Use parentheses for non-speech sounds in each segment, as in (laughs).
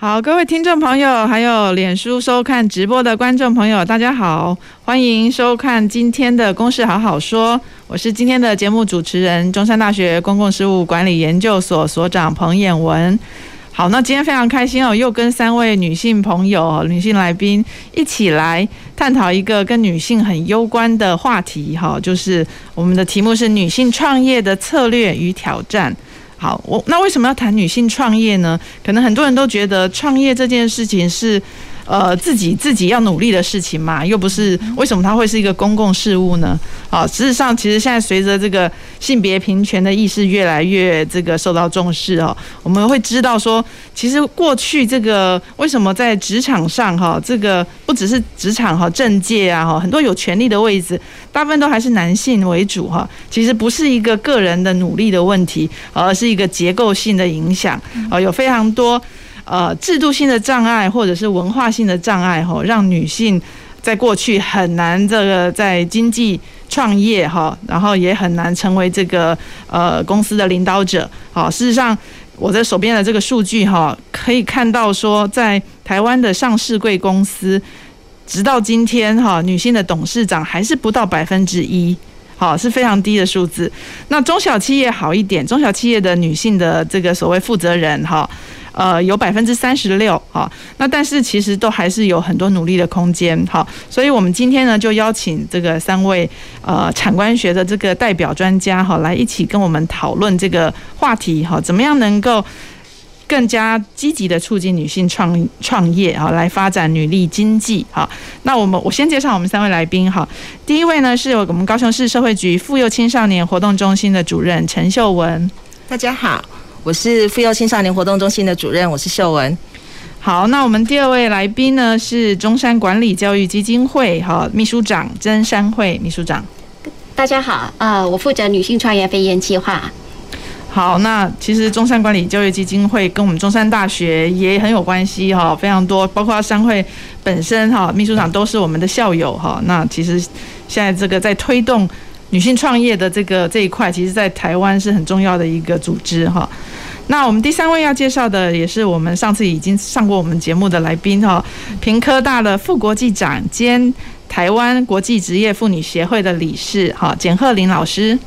好，各位聽眾朋友，還有臉書收看直播的觀眾朋友，大家好，歡迎收看今天的《公事好好說》，我是今天的節目主持人，中山大學公共事務管理研究所所長彭渰雯。好，那今天非常開心哦，又跟三位女性朋友、女性來賓一起來探討一個跟女性很攸關的話題，哈，就是我們的題目是女性創業的策略與挑戰。好，我那為什麼要談女性創業呢？可能很多人都覺得創業這件事情是。呃，自己自己要努力的事情嘛，又不是為什麼它會是一個公共事務呢？啊，事實上，其實現在隨着這個性別平權的意識越來越這個受到重視哦、啊，我們會知道說，其實過去這個為什麼在職場上哈、啊，這個不只是職場哈、啊，政界啊哈、啊，很多有權力的位置，大部分都還是男性為主哈、啊。其實不是一個個人的努力的問題，啊、而是一個結構性的影響啊，有非常多。呃，制度性的障礙或者是文化性的障礙，吼、哦，讓女性在過去很難這個在經濟創業，哈、哦，然後也很難成為這個呃公司的領導者，好、哦，事實上我在手邊的這個數據，哈、哦，可以看到說，在台灣的上市櫃公司，直到今天，哈、哦，女性的董事長還是不到百分之一，好，是非常低的數字。那中小企業好一點，中小企業的女性的這個所謂負責人，哈、哦。呃，有百分之三十六，哈，那但是其實都還是有很多努力的空間，哈、哦，所以，我們今天呢，就邀請這個三位呃產官學的這個代表專家，哈、哦，來一起跟我們討論這個話題，哈、哦，怎麼樣能夠更加積極的促進女性創創業，哈、哦，來發展女力經濟，哈、哦，那我們我先介紹我們三位來賓，哈、哦，第一位呢是我們高雄市社會局婦幼青少年活動中心的主任陳秀雯，大家好。我是婦幼青少年活動中心的主任，我是秀雯。好，那我們第二位來賓呢是中山管理教育基金會哈秘書長曾珊慧秘書長。大家好，啊、呃，我負責女性創業飛雁計劃。好，那其實中山管理教育基金會跟我們中山大學也很有關係哈，非常多，包括珊慧本身哈秘書長都是我們的校友哈。那其實現在這個在推動。女性創業的這個這一塊，其實，在台灣是很重要的一個組織哈。那我們第三位要介紹的，也是我們上次已經上過我們節目的來賓哈，屏科大的副國際長兼台灣國際職業婦女協會的理事哈，簡赫琳老師。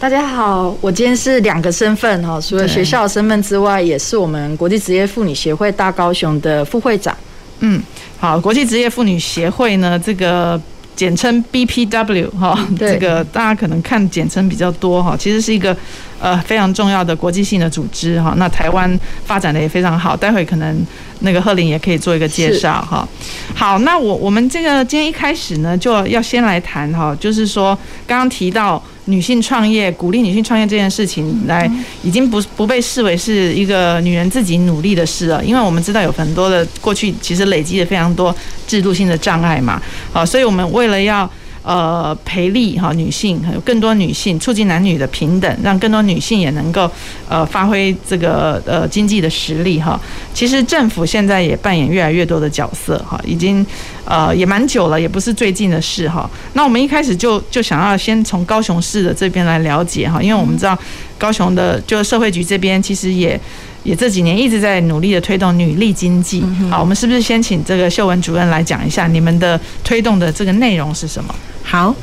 大家好，我今天是兩個身份哈，除了學校身份之外，也是我們國際職業婦女協會大高雄的副會長。嗯，好，國際職業婦女協會呢，這個。簡稱 BPW 哈、哦，這個大家可能看簡稱比較多哈、哦，其實是一個呃非常重要的國際性的組織哈、哦。那台灣發展得也非常好，待會可能那個赫琳也可以做一個介紹哈、哦。好，那我我們這個今天一開始呢，就要先來談哈、哦，就是說剛剛提到。女性創業，鼓勵女性創業這件事情來，已經不不被視為是一個女人自己努力的事了，因為我們知道有很多的過去其實累積了非常多制度性的障礙嘛，好，所以我們為了要。呃，培力哈，女性還有更多女性，促進男女的平等，讓更多女性也能夠呃發揮這個呃經濟的實力哈。其實政府現在也扮演越來越多的角色哈，已經呃也蠻久了，也不是最近的事哈。那我們一開始就就想要先從高雄市的這邊來了解哈，因為我們知道高雄的就社會局這邊其實也。也這幾年一直在努力的推動女力經濟，嗯。好，我們是不是先請這個秀雯主任來講一下你們的推動的這個內容是什麼？好，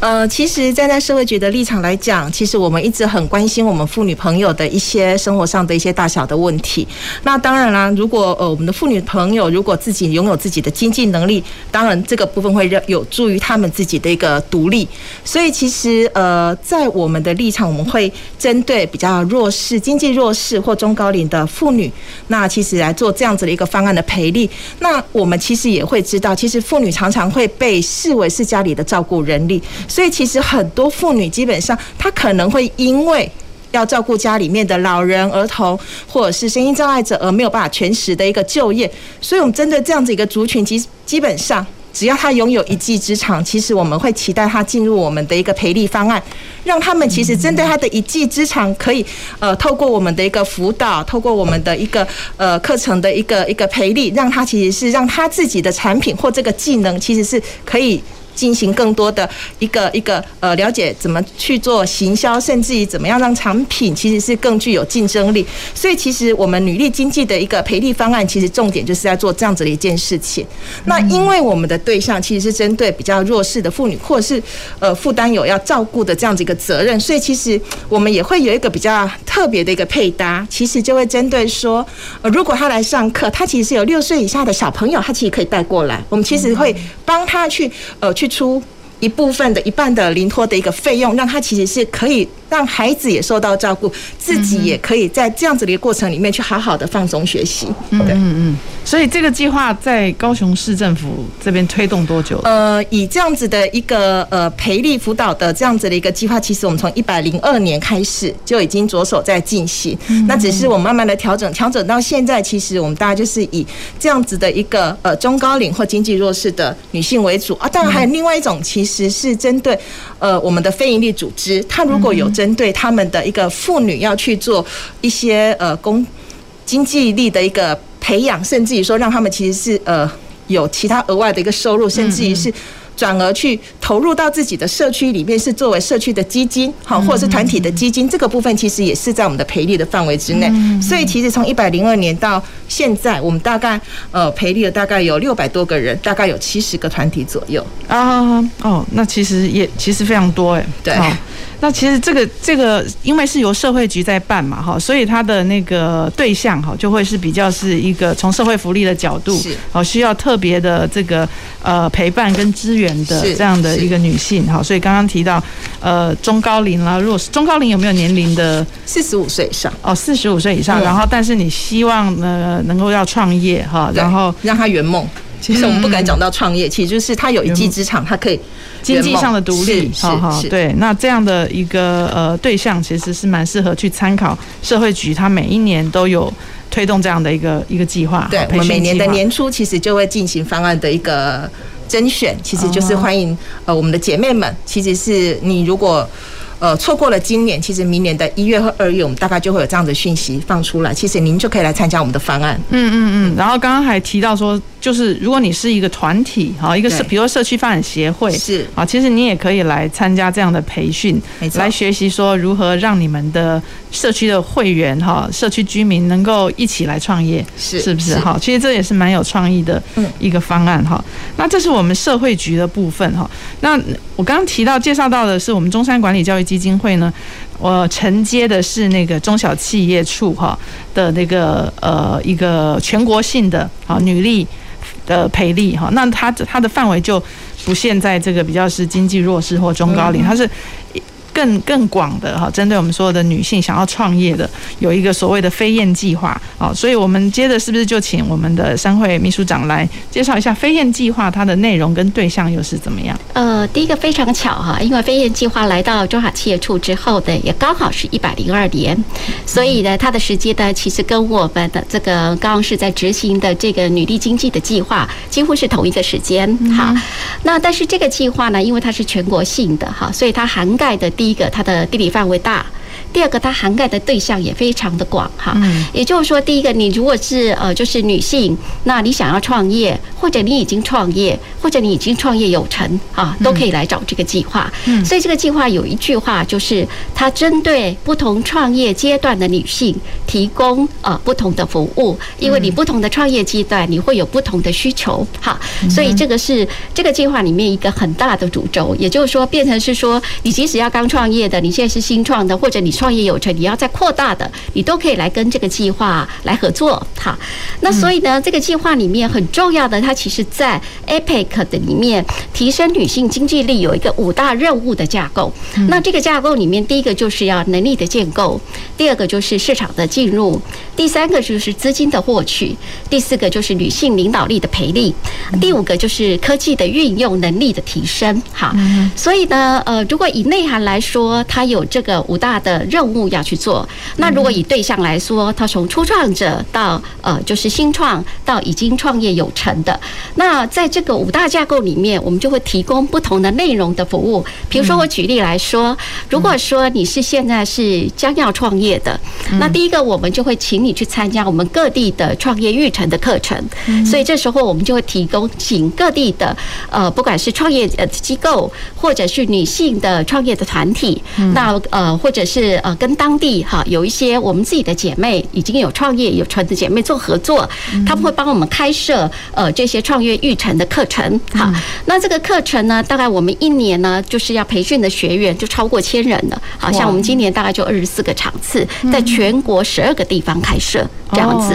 呃，其實站在社會局的立場來講，其實我們一直很關心我們婦女朋友的一些生活上的一些大小的問題。那當然啦，如果呃我們的婦女朋友如果自己擁有自己的經濟能力，當然這個部分會有助於他們自己的一個獨立。所以其實呃在我們的立場，我們會針對比較弱勢、經濟弱勢或中高齡。的婦女，那其實來做這樣子的一個方案的培力，那我們其實也會知道，其實婦女常常會被視為是家裡的照顧人力，所以其實很多婦女基本上，她可能會因為要照顧家裡面的老人、兒童或者是身心障礙者，而沒有辦法全時的一個就業，所以我們針對這樣子一個族群，基基本上。只要他擁有一技之長，其實我們會期待他進入我們的一個培力方案，讓他們其實針對他的一技之長，可以呃透過我們的一個輔導，透過我們的一個呃課程的一個一個培力，讓他其實是讓他自己的產品或這個技能，其實是可以。進行更多的一個一個，一個呃了解，怎麼去做行銷，甚至於怎麼樣讓產品其實是更具有競爭力。所以其實我們女力經濟的一個培力方案，其實重點就是在做這樣子的一件事情。那因為我們的對象其實是針對比較弱勢的婦女，或者是呃負擔有要照顧的這樣子一個責任，所以其實我們也會有一個比較特別的一個配搭，其實就會針對說，呃，如果她來上課，她其實有六歲以下的小朋友，她其實可以帶過來，我們其實會幫她去呃。去出一部分的一半的臨托的一個費用，讓他其實是可以。讓孩子也受到照顧，自己也可以在這樣子的一個過程裡面去好好的放鬆學習。嗯嗯，所以這個計劃在高雄市政府這邊推動多久？呃，以這樣子的一個呃培力輔導的這樣子的一個計劃，其實我們從一百零二年開始就已經着手在進行、嗯。那只是我慢慢的調整，調整到現在，其實我們大概就是以這樣子的一個呃中高齡或經濟弱勢的女性為主啊。當然還有另外一種，嗯、其實是針對呃我們的非營利組織，它如果有這針對他們的一個婦女要去做一些呃工經濟力的一個培養，甚至於說讓他們其實是呃有其他額外的一個收入，甚至於是。轉而去投入到自己的社區裡面，是作為社區的基金，哈，或者是團體的基金，這個部分其實也是在我們的培力的範圍之內。所以其實從一百零二年到現在，我們大概呃培力了大概有六百多個人，大概有七十個團體左右啊。哦，那其實也其實非常多哎。對、哦。那其實這個這個因為是由社會局在辦嘛，哈，所以他的那個對象哈就會是比較是一個從社會福利的角度，哦，需要特別的這個呃陪伴跟支援，的這樣的一個女性，好，所以剛剛提到，呃，中高齡了，如果是中高齡有沒有年齡的四十五歲以上？哦，四十五歲以上、嗯，然後但是你希望呢、呃，能夠要創業哈，然後讓他圓夢。其實、嗯、我們不敢講到創業，其實就是他有一技之長，他可以經濟上的獨立。是、哦、是、哦、是對是，那這樣的一個呃對象，其實是蠻適合去參考社會局，他每一年都有推動這樣的一個一個計劃。對，每年的年初其實就會進行方案的一個。甄選其實就是歡迎，呃，我們的姐妹們。其實是你如果。呃，錯過了今年，其實明年的一月和二月，我們大概就會有這樣的訊息放出來。其實您就可以來參加我們的方案。嗯嗯嗯。然後剛剛還提到說，就是如果你是一個團體哈，一個社，比如說社區發展協會，是啊，其實你也可以來參加這樣的培訓，來學習說如何讓你們的社區的會員哈，社區居民能夠一起來創業，是是不是？哈，其實這也是蠻有創意的一個方案哈。嗯。那這是我們社會局的部分哈。那我剛剛提到介紹到的是我們中山管理教育。基金會呢，我承接的是那個中小企業處哈的那個呃一個全國性的，啊、呃、女力的培力哈，那它，它的範圍就不限在這個比較是經濟弱勢或中高齡，它是。更更廣的哈，針對我們所有的女性想要創業的，有一個所謂的“飛燕計劃”啊，所以，我們接着是不是就請我們的珊慧秘書長來介紹一下“飛燕計劃”它的內容跟對象又是怎麼樣？呃，第一個非常巧哈、啊，因為“飛燕計劃”來到中小企業處之後的也剛好是一百零二年，所以呢，它的時間呢其實跟我們的這個剛剛是在執行的這個女力經濟的計劃幾乎是同一個時間哈、嗯。那但是這個計劃呢，因為它是全國性的哈，所以它涵蓋的。第一個，它的地理範圍大。第二個，它涵蓋的對象也非常的廣哈、嗯，也就是說，第一個，你如果是呃，就是女性，那你想要創業，或者你已經創業，或者你已經創業有成啊，都可以來找這個計劃、嗯嗯。所以這個計劃有一句話，就是它針對不同創業階段的女性提供呃不同的服務，因為你不同的創業階段，你會有不同的需求哈、啊。所以這個是這個計劃裡面一個很大的主軸，也就是說，變成是說，你即使要剛創業的，你現在是新創的，或者你是。創業有成，你要再擴大的，你都可以來跟這個計劃來合作哈。那所以呢、嗯，這個計劃裡面很重要的，它其實在 APEC 的裡面提升女性經濟力有一個五大任務的架構、嗯。那這個架構裡面，第一個就是要能力的建構，第二個就是市場的進入，第三個就是資金的獲取，第四個就是女性領導力的培力，第五個就是科技的運用能力的提升哈、嗯嗯。所以呢，呃，如果以內涵來說，它有這個五大的。任務要去做。那如果以對象來說，他從初創者到呃，就是新創到已經創業有成的，那在這個五大架構裡面，我們就會提供不同的內容的服務。比如說，我舉例來說，如果說你是現在是將要創業的，那第一個我們就會請你去參加我們各地的創業育成的課程。所以這時候我們就會提供，請各地的呃，不管是創業機構或者是女性的創業的團體，那呃，或者是呃，跟當地哈有一些我們自己的姐妹已經有創業有成的姐妹做合作，他們會幫我們開設呃這些創業育成的課程哈。那這個課程呢，大概我們一年呢就是要培訓的學員就超過千人了。好像我們今年大概就二十四個場次，在全國十二個地方開設這樣子。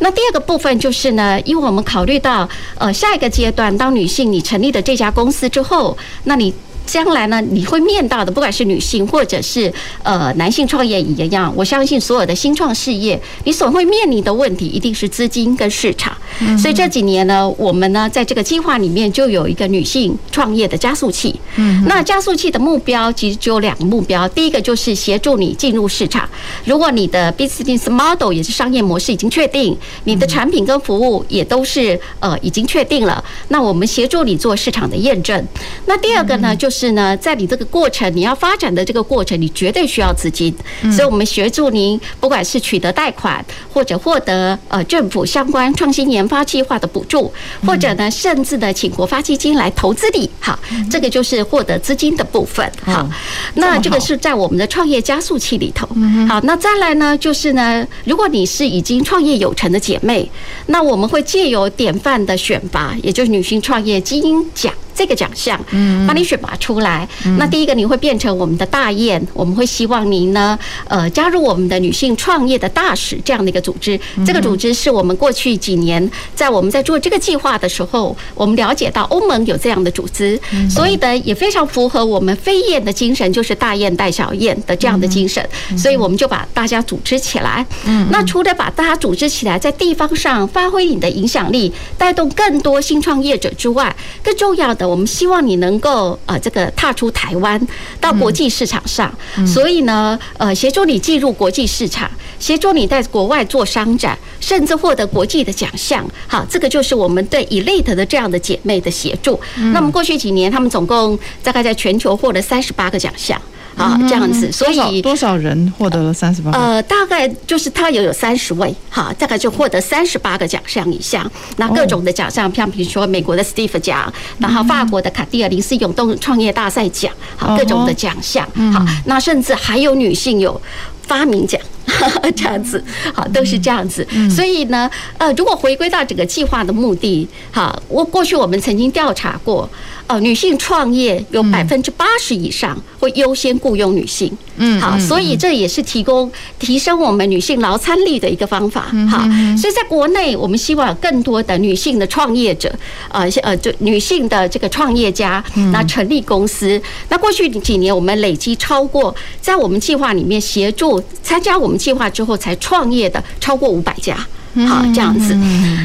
那第二個部分就是呢，因為我們考慮到呃下一個階段，當女性你成立的這家公司之後，那你。將來呢，你會面對的，不管是女性或者是呃男性創業一樣，我相信所有的新創事業，你所會面臨的問題一定是資金跟市場。嗯、所以這幾年呢，我們呢在這個計劃裡面就有一個女性創業的加速器。嗯，那加速器的目標其實只有兩個目標，第一個就是協助你進入市場。如果你的 business model 也是商業模式已經確定，你的產品跟服務也都是呃已經確定了，那我們協助你做市場的驗證。那第二個呢就是。嗯就是呢，在你這個過程，你要發展的這個過程，你絕對需要資金，所以我們協助您，不管是取得貸款，或者獲得呃政府相關創新研發計劃的補助，或者呢，甚至呢，請國發基金來投資你，好，這個就是獲得資金的部分。好，那這個是在我們的創業加速器裡頭。好，那再來呢，就是呢，如果你是已經創業有成的姐妹，那我們會借由典範的選拔，也就是女性創業菁英獎這個獎項，幫把你選拔創出來，那第一個你會變成我們的大雁，我們會希望您呢，呃，加入我們的女性創業的大使這樣的一個組織。這個組織是我們過去幾年在我們在做這個計劃的時候，我們了解到歐盟有這樣的組織，所以呢也非常符合我們飛雁的精神，就是大雁帶小雁的這樣的精神，所以我們就把大家組織起來。那除了把大家組織起來，在地方上發揮你的影響力，帶動更多新創業者之外，更重要的，我們希望你能夠呃，這個。呃，踏出台灣到國際市場上，嗯嗯，所以呢，呃，協助你進入國際市場，協助你在國外做商展，甚至獲得國際的獎項。好，這個就是我們對 Elite 的這樣的姐妹的協助。那麼過去幾年，他們總共大概在全球獲得三十八個獎項。啊，這樣子，所以多少人獲得了三十八？呃，大概就是他也有三十位，哈，大概就獲得三十八個獎項以下，那各種的獎項，oh. 像比如說美國的 Steve 獎，然後法國的卡地亞靈思湧動創業大賽獎，好各種的獎項，好，那甚至還有女性有發明獎。Oh. (laughs) 這樣子，好，都是這樣子。嗯嗯、所以呢，呃，如果回歸到整個計劃的目的，好，我過去我們曾經調查過，呃，女性創業有百分之八十以上會優先雇傭女性，嗯，好，嗯、所以這也是提供提升我們女性勞參力的一個方法，哈、嗯嗯。所以在國內，我們希望有更多的女性的創業者，呃，呃，就女性的這個創業家，那成立公司、嗯。那過去幾年，我們累積超過在我們計劃裡面協助參加我們。計劃之後才創業的超過五百家，好，這樣子。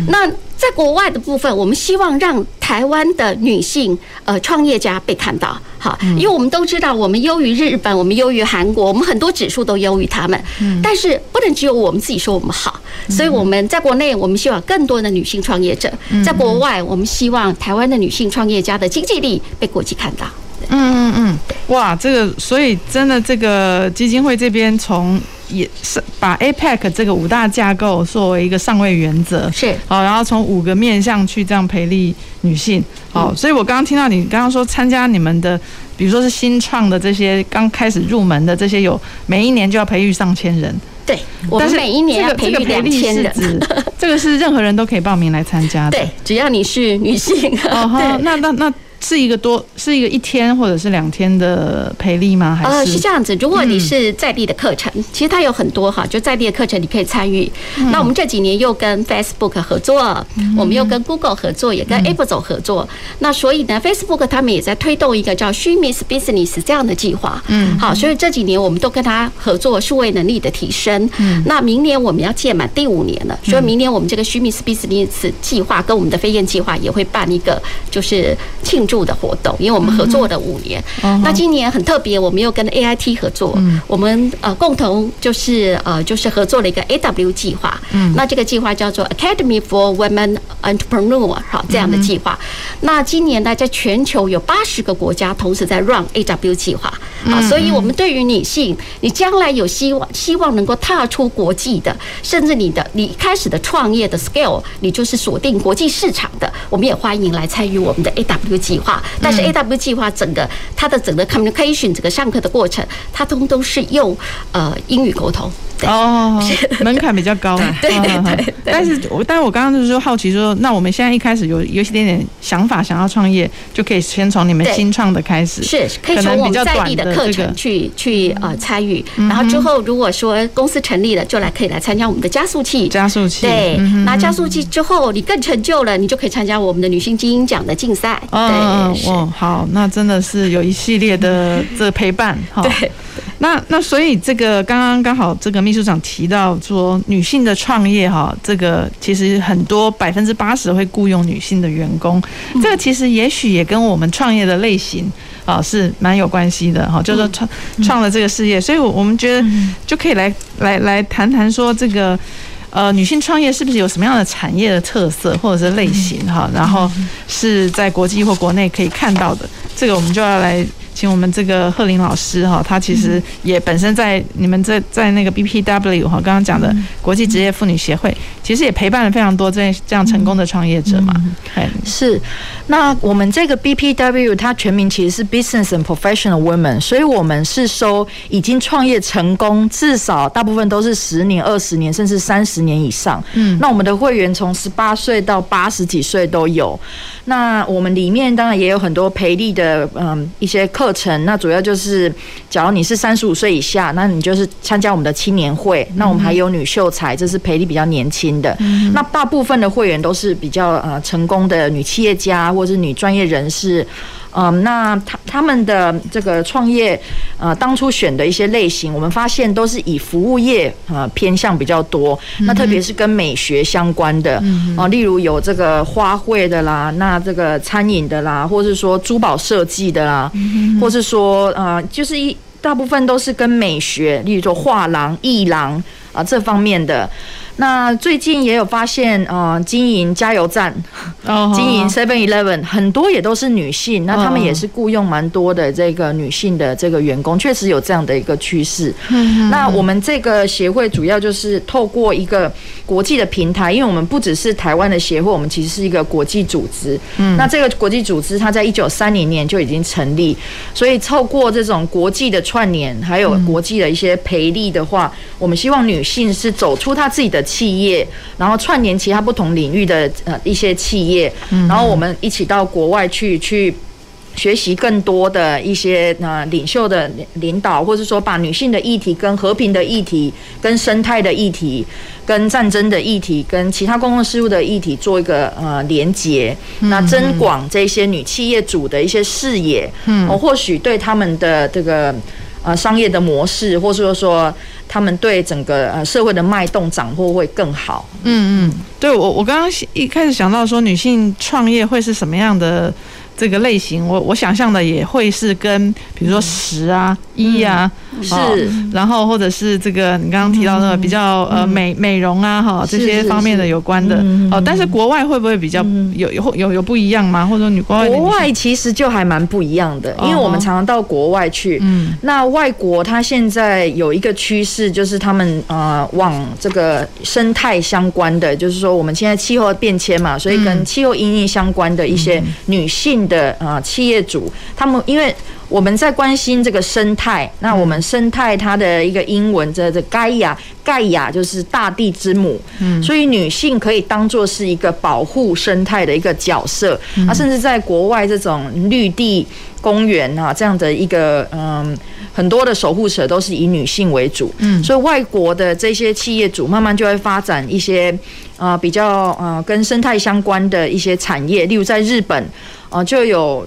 那在國外的部分，我們希望讓台灣的女性呃創業家被看到，好，因為我們都知道我們優於日本，我們優於韓國，我們很多指數都優於他們，但是不能只有我們自己說我們好。所以我們在國內，我們希望更多的女性創業者；在國外，我們希望台灣的女性創業家的經濟力被國際看到。嗯嗯嗯，哇，這個所以真的這個基金會這邊從。也是把 APEC 這個五大架構作為一個上位原則，是好，然後從五個面向去這樣培育女性，好、嗯哦，所以我剛剛聽到你剛剛說參加你們的，比如說是新創的這些剛開始入門的這些有，每一年就要培育上千人，對，但是這個、我們每一年要培育兩千人，這個、 (laughs) 這個是任何人都可以報名來參加的，對，只要你是女性 (laughs) 對，哦哈那那那。那那是一個多是一個一天或者是兩天的培力嗎還是？呃，是這樣子。如果你是在地的課程，嗯、其實它有很多哈，就在地的課程你可以參與。嗯、那我們這幾年又跟 Facebook 合作，嗯、我們又跟 Google 合作，嗯、也跟 Apple 走合作、嗯。那所以呢，Facebook 他們也在推動一個叫 She Means Business 這樣的計劃。嗯，好，所以這幾年我們都跟他合作數位能力的提升。嗯、mm -hmm.，那明年我們要屆滿第五年了，所以明年我們這個 She Means Business 計劃跟我們的飛雁計劃也會辦一個就是慶祝。度的活動，因為我們合作了五年。Mm -hmm. uh -huh. 那今年很特別，我們又跟 AIT 合作，mm -hmm. 我們呃共同就是呃就是合作了一個 AW 計劃。Mm -hmm. 那這個計劃叫做 Academy for Women Entrepreneurs 哈，這樣的計劃。Mm -hmm. 那今年呢，在全球有八十個國家同時在 run AW 計劃。啊，所以我們對於女性，你將來有希望希望能夠踏出國際的，甚至你的你一開始的創業的 scale，你就是鎖定國際市場的，我們也歡迎來參與我們的 AW 計劃。但是 A W 計劃整個它的整個 communication，整個上課的過程，它通，通都是用呃英語溝通，對，哦，好，好是，門檻比較高，啊，對，呵呵，對對對，對。但是我但是我剛剛就是好奇說，說那我們現在一開始有有一點點想法想要創業，就可以先從你們新創的開始，是，可以從我們在地的課程去，這個，去呃參與，然後之後如果說公司成立了，就來可以來參加我們的加速器，加速器，對，嗯，拿加速器之後你更成就了，你就可以參加我們的女性精英獎的競賽，哦，對。嗯，哦，好，那真的是有一系列的這陪伴哈。對， (laughs) 那那所以這個剛剛剛好這個秘書長提到說，女性的創業哈，這個其實很多百分之八十會雇傭女性的員工，這個其實也許也跟我們創業的類型啊是蠻有關係的哈。就是說創創了這個事業，所以我我們覺得就可以來來來談談說這個。呃，女性創業是不是有什麼樣的產業的特色或者是類型哈、嗯？然後是在國際或國內可以看到的，這個我們就要來。請我們這個赫琳老師哈，他其實也本身在你們在在那個 BPW 哈，剛剛講的國際職業婦女協會，其實也陪伴了非常多這這樣成功的創業者嘛。對，是，那我們這個 BPW 它全名其實是 Business and Professional Women，所以我們是說已經創業成功，至少大部分都是十年、二十年，甚至三十年以上。嗯，那我們的會員從十八歲到八十幾歲都有。那我們裡面當然也有很多培力的，嗯，一些課程，那主要就是，假如你是三十五歲以下，那你就是參加我們的青年會。那我們還有女秀才，這是培禮比較年輕的。那大部分的會員都是比較呃成功的女企業家或者是女專業人士。嗯、呃，那他他們的這個創業，呃，當初選的一些類型，我們發現都是以服務業呃偏向比較多。嗯、那特別是跟美學相關的啊、嗯呃，例如有這個花卉的啦，那這個餐飲的啦，或者是說珠寶設計的啦，嗯、哼哼或是說呃，就是一大部分都是跟美學，例如說畫廊、藝廊啊、呃、這方面的。那最近也有發現，呃，經營加油站、oh、經營 Seven Eleven、oh、很多也都是女性。Oh、那她們也是雇傭蠻多的這個女性的這個員工，確實有這樣的一個趨勢。Oh、那我們這個協會主要就是透過一個國際的平台，因為我們不只是台灣的協會，我們其實是一個國際組織。嗯、oh。那這個國際組織它在一九三零年就已經成立，所以透過這種國際的串聯，還有國際的一些培力的話，oh、我們希望女性是走出她自己的企業，然後串聯其他不同領域的呃一些企業，然後我們一起到國外去去學習更多的一些呃領袖的領導，或是說把女性的議題跟和平的議題、跟生態的議題、跟戰爭的議題、跟其他公共事務的議題做一個呃連接，那增廣這些女企業主的一些視野，嗯，我或許對他們的這個。呃，商業的模式，或者說他們對整個呃社會的脈動掌握會更好。嗯嗯，對，我我剛剛一開始想到說女性創業會是什麼樣的。這個類型，我我想象的也會是跟比如說十啊、嗯、一啊、嗯哦、是，然後或者是這個你剛剛提到的那、嗯、比較、嗯、呃美美容啊哈、哦、這些方面的有關的、嗯、哦。但是國外會不會比較有、嗯、有有有，有不一樣嗎？或者說你國外女？國外其實就還蠻不一樣的，因為我們常常到國外去。嗯、哦，那外國它現在有一個趨勢，就是他們呃往這個生態相關的，就是說我們現在氣候變遷嘛，所以跟氣候因應相關的一些女性、嗯。嗯的啊，企業主他們因為我們在關心這個生態，嗯、那我們生態它的一個英文這這蓋亞蓋亞就是大地之母，嗯，所以女性可以當做是一個保護生態的一個角色那、嗯啊、甚至在國外這種綠地公園啊這樣的一個嗯，很多的守護者都是以女性為主，嗯，所以外國的這些企業主慢慢就會發展一些呃比較呃跟生態相關的一些產業，例如在日本。就有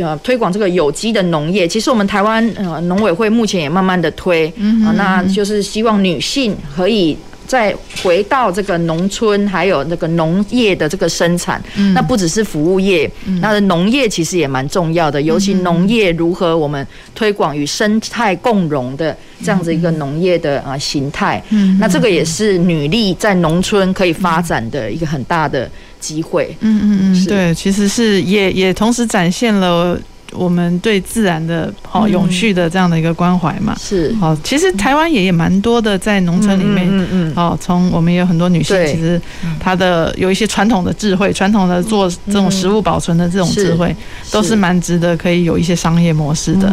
呃推廣這個有機的農業。其實我們台灣呃農委會目前也慢慢的推，啊、嗯嗯，那就是希望女性可以再回到這個農村，還有那個農業的這個生產，嗯。那不只是服務業，那農業其實也蠻重要的。尤其農業如何我們推廣與生態共融的這樣子一個農業的啊形態，嗯嗯。那這個也是女力在農村可以發展的一個很大的。機會，嗯嗯嗯，對，其實是也也同時展現了。我們對自然的、好、哦、永續的這樣的一個關懷嘛，嗯、是好、哦。其實台灣也也蠻多的，在農村裡面，嗯嗯，好、嗯哦，從我們也有很多女性，其實她的有一些傳統的智慧、嗯，傳統的做這種食物保存的這種智慧，嗯、都是蠻值得可以有一些商業模式的。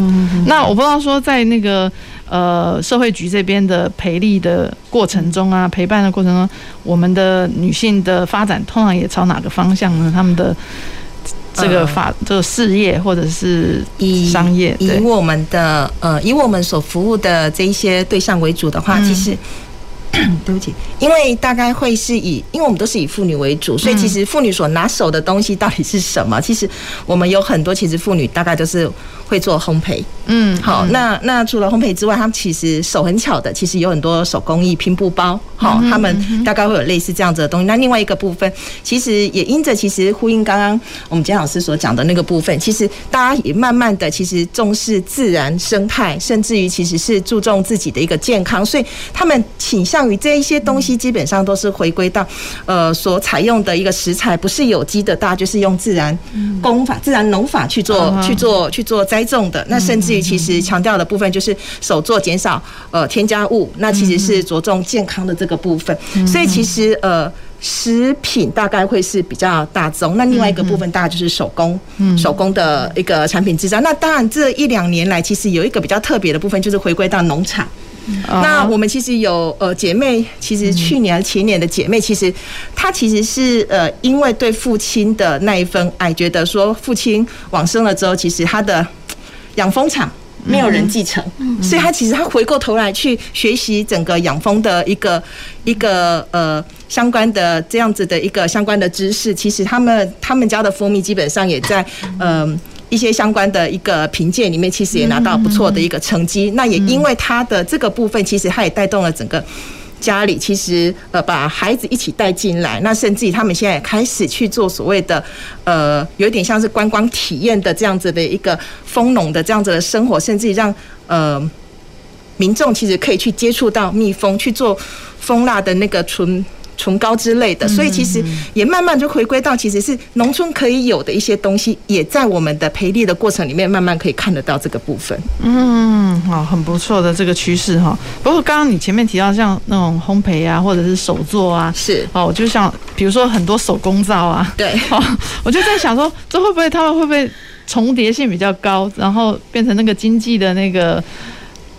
那我不知道說，在那個呃社會局這邊的培力的過程中啊，陪伴的過程中，我們的女性的發展通常也朝哪個方向呢？她們的。這個法，這個事業，或者是商業，以，以我們的呃，以我們所服務的這一些對象為主的話，嗯、其實咳咳，對不起，因為大概會是以，因為我們都是以婦女為主，所以其實婦女所拿手的東西到底是什麼？嗯、其實我們有很多，其實婦女大概都是會做烘焙。嗯,嗯，好，那那除了烘焙之外，他們其實手很巧的，其實有很多手工藝拼布包，好、哦，他們大概會有類似這樣子的東西。那另外一個部分，其實也因着其實呼應剛剛我們簡老師所講的那個部分，其實大家也慢慢的其實重視自然生態，甚至於其實是注重自己的一個健康，所以他們傾向於這一些東西，基本上都是回歸到、嗯、呃所採用的一個食材不是有機的，大家就是用自然工法、嗯、自然農法去做,、嗯去做嗯、去做、去做栽種的，那甚至於。其實強調的部分就是手作減少呃添加物，那其實是着重健康的這個部分。嗯、所以其實呃食品大概會是比較大宗，那另外一個部分大概就是手工，嗯、手工的一個產品制造。那當然這一兩年來，其實有一個比較特別的部分，就是回歸到農場、嗯。那我們其實有呃姐妹，其實去年前年的姐妹，其實她其實是呃因為對父親的那一份愛，覺得說父親往生了之後，其實她的。養蜂場沒有人繼承，嗯，所以他其實他回過頭來去學習整個養蜂的一個一個呃相關的這樣子的一個相關的知識。其實他們他們家的蜂蜜基本上也在嗯、呃、一些相關的一個評鑑裡面，其實也拿到不錯的一個成績，嗯。那也因為他的這個部分，其實他也帶動了整個。家裡其實呃把孩子一起帶進來，那甚至於他們現在也開始去做所謂的呃有點像是觀光體驗的這樣子的一個蜂農的這樣子的生活，甚至於讓呃民眾其實可以去接觸到蜜蜂去做蜂蠟的那個純。唇膏之類的，所以其實也慢慢就回歸到，其實是農村可以有的一些東西，也在我們的培力的過程裡面慢慢可以看得到這個部分。嗯，好，很不錯的這個趨勢哈。不過剛剛你前面提到像那種烘焙啊，或者是手作啊，是哦，就像比如說很多手工皂啊，對哦，我就在想說，這會不會他們會不會重疊性比較高，然後變成那個經濟的那個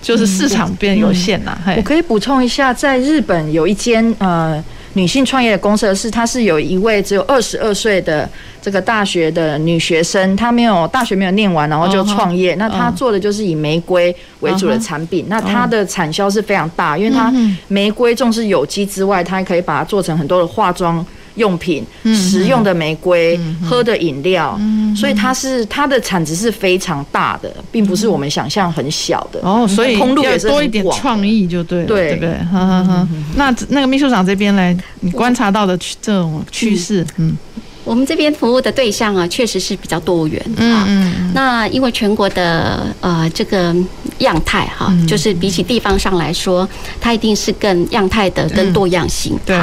就是市場變有限了。啊嗯。嘿，我可以補充一下，在日本有一間呃。女性創業的公社是，它是有一位只有二十二歲的這個大學的女學生，她沒有大學沒有念完，然後就創業。Uh -huh. 那她做的就是以玫瑰為主的產品，uh -huh. 那她的產銷是非常大，因為它玫瑰重視有機之外，它還可以把它做成很多的化妝。用品、食用的玫瑰、嗯、喝的飲料、嗯，所以它是它的產值是非常大的，並不是我們想象很小的，嗯、很廣的。哦，所以要多一點創意就對了，對不對？哈哈哈。那那個秘書長這邊來，你觀察到的這種趨勢、嗯嗯，嗯，我們這邊服務的對象啊，確實是比較多元。嗯嗯。啊、那因為全國的呃這個。樣態哈，就是比起地方上來說，它一定是更樣態的、更多樣性、嗯。對。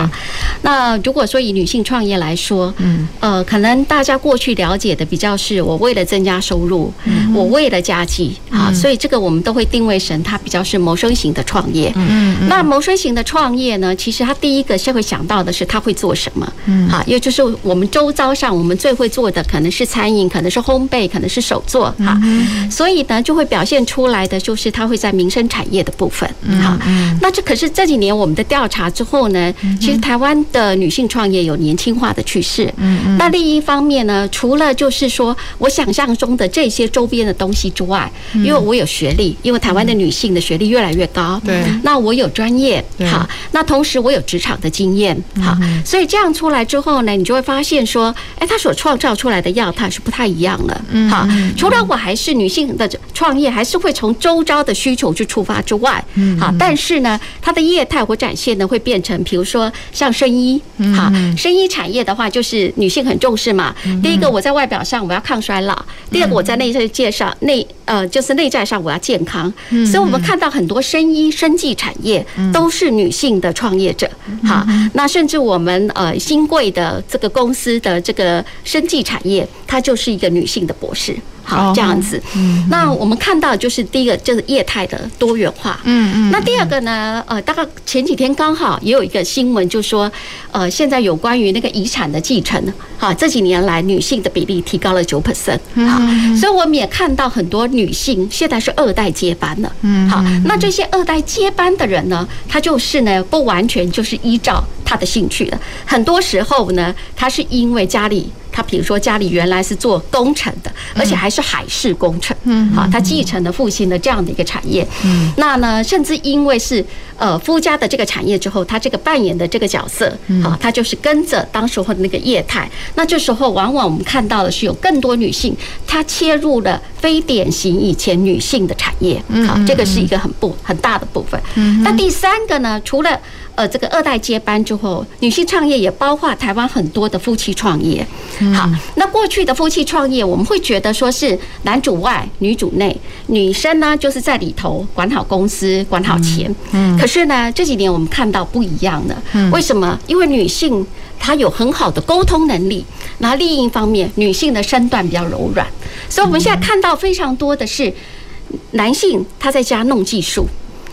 那如果說以女性創業來說，嗯，呃，可能大家過去了解的比較是我為了增加收入，嗯，我為了家計，哈、嗯，所以這個我們都會定位成它比較是謀生型的創業嗯。嗯。那謀生型的創業呢，其實它第一個先會想到的是他會做什麼，嗯，哈，也就是我們周遭上我們最會做的可能是餐飲，可能是烘焙，可能是手作，哈、嗯，所以呢就會表現出來的。就是他會在民生產業的部分，嗯嗯、好，那這可是這幾年我們的調查之後呢、嗯，其實台灣的女性創業有年輕化的趨勢嗯。嗯，那另一方面呢，除了就是說我想象中的這些周邊的東西之外，因為我有學歷，嗯、因為台灣的女性的學歷越來越高，對、嗯，那我有專業，好，那同時我有職場的經驗、嗯，好，所以這樣出來之後呢，你就會發現說，哎，他所創造出來的樣態是不太一樣的，嗯，好嗯，除了我還是女性的創業，還是會從周出招的需求去出發之外，好，但是呢，它的業態和展現呢，會變成，比如說像生醫，哈，生醫產業的話，就是女性很重視嘛。第一個，我在外表上我要抗衰老，第二個，我在內在介紹、嗯、內，呃，就是內在上我要健康。所以，我們看到很多生醫生技產業都是女性的創業者，哈。那甚至我們呃新貴的這個公司的這個生技產業，它就是一個女性的博士。好，這樣子。嗯嗯、那我們看到就是第一個就是業態的多元化。嗯嗯。那第二個呢？呃，大概前幾天剛好也有一個新聞，就說呃，現在有關於那個遺產的繼承。好，這幾年來女性的比例提高了九 percent。好、嗯嗯，所以我們也看到很多女性現在是二代接班了。嗯。好，那這些二代接班的人呢，他就是呢不完全就是依照他的興趣的。很多時候呢，他是因為家裡。他比如說家裡原來是做工程的，而且還是海事工程，嗯，好、嗯嗯，他繼承了父親的這樣的一個產業，嗯，嗯，那呢，甚至因為是呃夫家的這個產業之後，他這個扮演的這個角色，好、嗯，他就是跟着當時候的那個業態，那這時候往往我們看到的是有更多女性，她切入了。非典型以前女性的產業，好，這個是一個很不很大的部分。嗯嗯嗯嗯嗯那第三個呢？除了呃，這個二代接班之後，女性創業也包括台灣很多的夫妻創業。好，那過去的夫妻創業，我們會覺得說是男主外，女主內，女生呢就是在裡頭管好公司，管好錢。嗯，嗯。嗯嗯、可是呢，這幾年我們看到不一樣了。嗯。為什麼？因為女性。他有很好的溝通能力，那另一方面，女性的身段比較柔軟，所以我們現在看到非常多的是、嗯、男性他在家弄技術。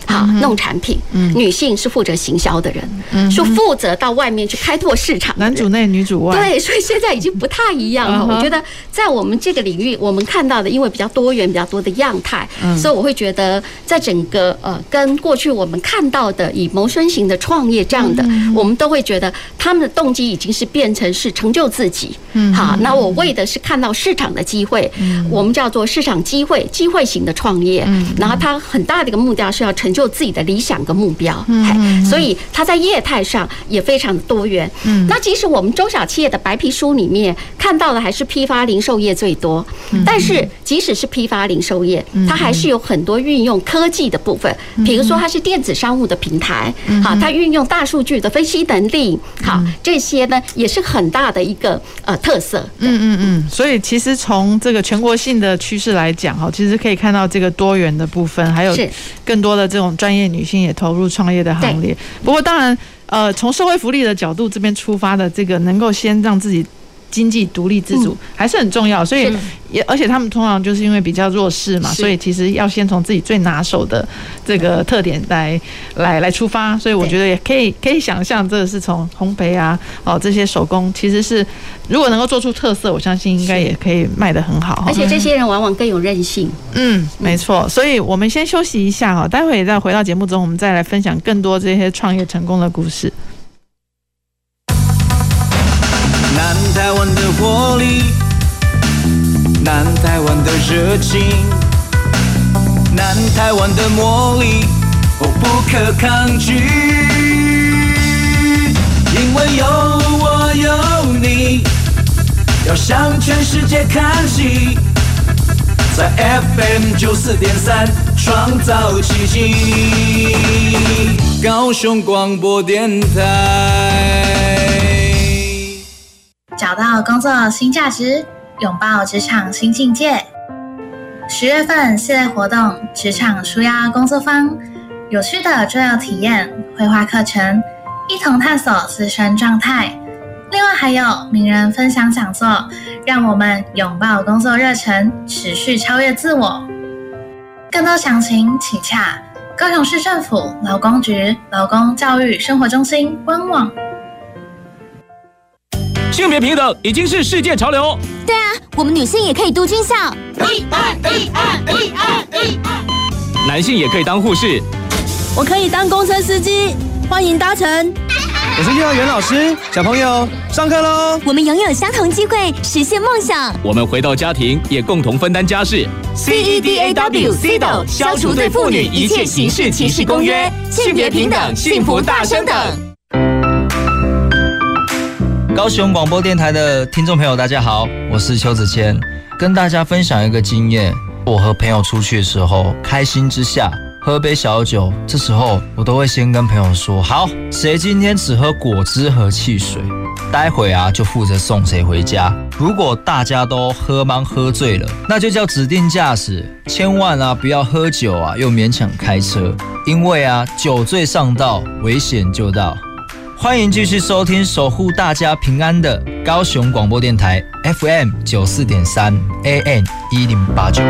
啊，弄產品，女性是負責行銷的人，說、嗯、負責到外面去開拓市場，男主內女主外，對，所以現在已經不太一樣了。嗯、我覺得在我們這個領域，我們看到的因為比較多元、比較多的樣態，嗯、所以我會覺得在整個呃，跟過去我們看到的以謀生型的創業這樣的、嗯，我們都會覺得他們的動機已經是變成是成就自己。嗯，好，那我為的是看到市場的機會，我們叫做市場機會機會型的創業，嗯、然後他很大的一個目標是要成。就自己的理想跟目標，嗯，所以它在業態上也非常的多元，嗯，那即使我們中小企業的白皮書裡面看到的還是批發零售業最多，嗯、但是即使是批發零售業，嗯、它還是有很多運用科技的部分、嗯，比如說它是電子商務的平台，嗯、好，它運用大數據的分析能力，好，這些呢也是很大的一個呃特色，嗯嗯嗯，所以其實從這個全國性的趨勢來講，哈，其實可以看到這個多元的部分，還有更多的這種。專業女性也投入創業的行列，不過當然，呃，從社會福利的角度這邊出發的，這個能夠先讓自己。經濟獨立自主還是很重要，所以也，而且他們通常就是因為比較弱勢嘛，所以其實要先從自己最拿手的這個特點來來來出發，所以我覺得也可以可以想象，這個是從烘焙啊哦，這些手工，其實是如果能夠做出特色，我相信應該也可以賣得很好。而且這些人往往更有韌性，嗯，沒錯。所以我們先休息一下哈，待會再回到節目中，我們再來分享更多這些創業成功的故事。南台灣的活力，南台灣的熱情，南台灣的魔力，我不可抗拒。因為有我有你，要向全世界看齊，在 FM 九四點三創造奇蹟，高雄廣播電台。找到工作新價值，擁抱職場新境界。十月份系列活動：職場舒壓工作坊、有趣的重要體驗、繪畫課程，一同探索自身狀態。另外還有名人分享講座，讓我們擁抱工作熱忱，持續超越自我。更多詳情，請洽高雄市政府勞工局勞工教育生活中心官網。性別平等已經是世界潮流。對啊，我們女性也可以讀軍校。一二一二一二一二。男性也可以當護士。我可以當公車司機，歡迎搭乘。我是幼兒園老師，小朋友，上課嘍。我們擁有，有相同機會，實現夢想。我們回到家庭，也共同分擔家事。CEDAW CEDAW，消除對婦女一切形式歧視公約，性別平等，幸福大升等。高雄廣播電臺的聽眾朋友，大家好，我是邱子謙，跟大家分享一個經驗。我和朋友出去的時候，開心之下喝杯小酒，這時候我都會先跟朋友說：好，誰今天只喝果汁和汽水，待會啊就負責送誰回家。如果大家都喝茫喝醉了，那就叫指定駕駛，千萬啊不要喝酒啊又勉強開車，因為啊酒醉上道，危險就到。歡迎繼續收聽守護大家平安的高雄廣播電台 FM 九四點三 AM 一零八九。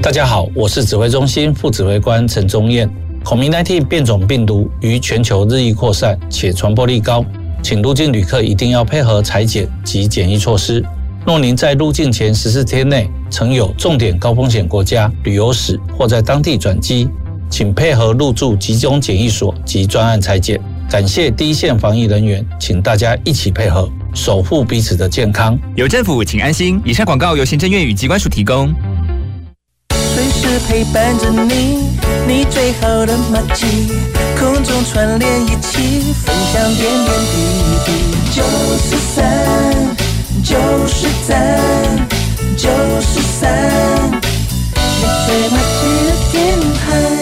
大家好，我是指揮中心副指揮官陳宗彥。孔明 Nt 變種病毒於全球日益擴散，且傳播力高，請入境旅客一定要配合採檢及檢疫措施。若您在入境前十四天內曾有重點高風險國家旅遊史或在當地轉機，請配合入住集中檢疫所及專案採檢，感謝第一線防疫人員，請大家一起配合，守護彼此的健康。有政府，請安心。以上廣告由行政院與機關署提供。隨時陪伴着你，你最好的馬基，空中串聯一起，分享點點滴滴。九十三，九十三，九十三，你最默契的天盤。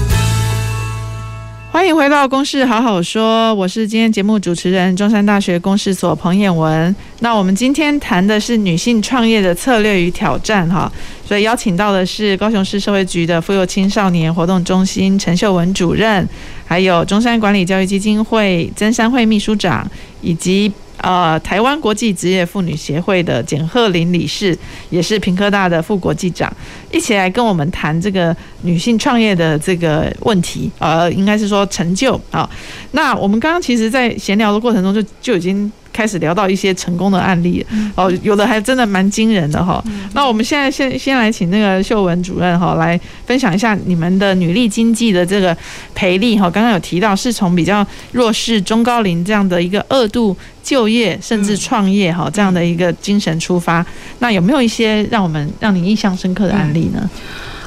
歡迎回到《公事好好說》，我是今天節目主持人中山大學公事所彭渰雯。那我們今天談的是女性創業的策略與挑戰，哈，所以邀請到的是高雄市社會局的婦幼青少年活動中心陳秀雯主任，還有中山管理教育基金會曾珊慧秘書長，以及。呃，台灣國際職業婦女協會的簡赫琳理事，也是屏科大的副國際長，一起來跟我們談這個女性創業的這個問題。呃，應該是說成就啊、哦。那我們剛剛其實在閒聊的過程中就，就就已經。開始聊到一些成功的案例哦，有的還真的蠻驚人的哈。那我們現在先先來請那個秀雯主任哈來分享一下你們的女力經濟的這個培力哈。剛剛有提到是從比較弱勢中高齡這樣的一個二度就業甚至創業哈這樣的一個精神出發。那有沒有一些讓我們讓您印象深刻的案例呢？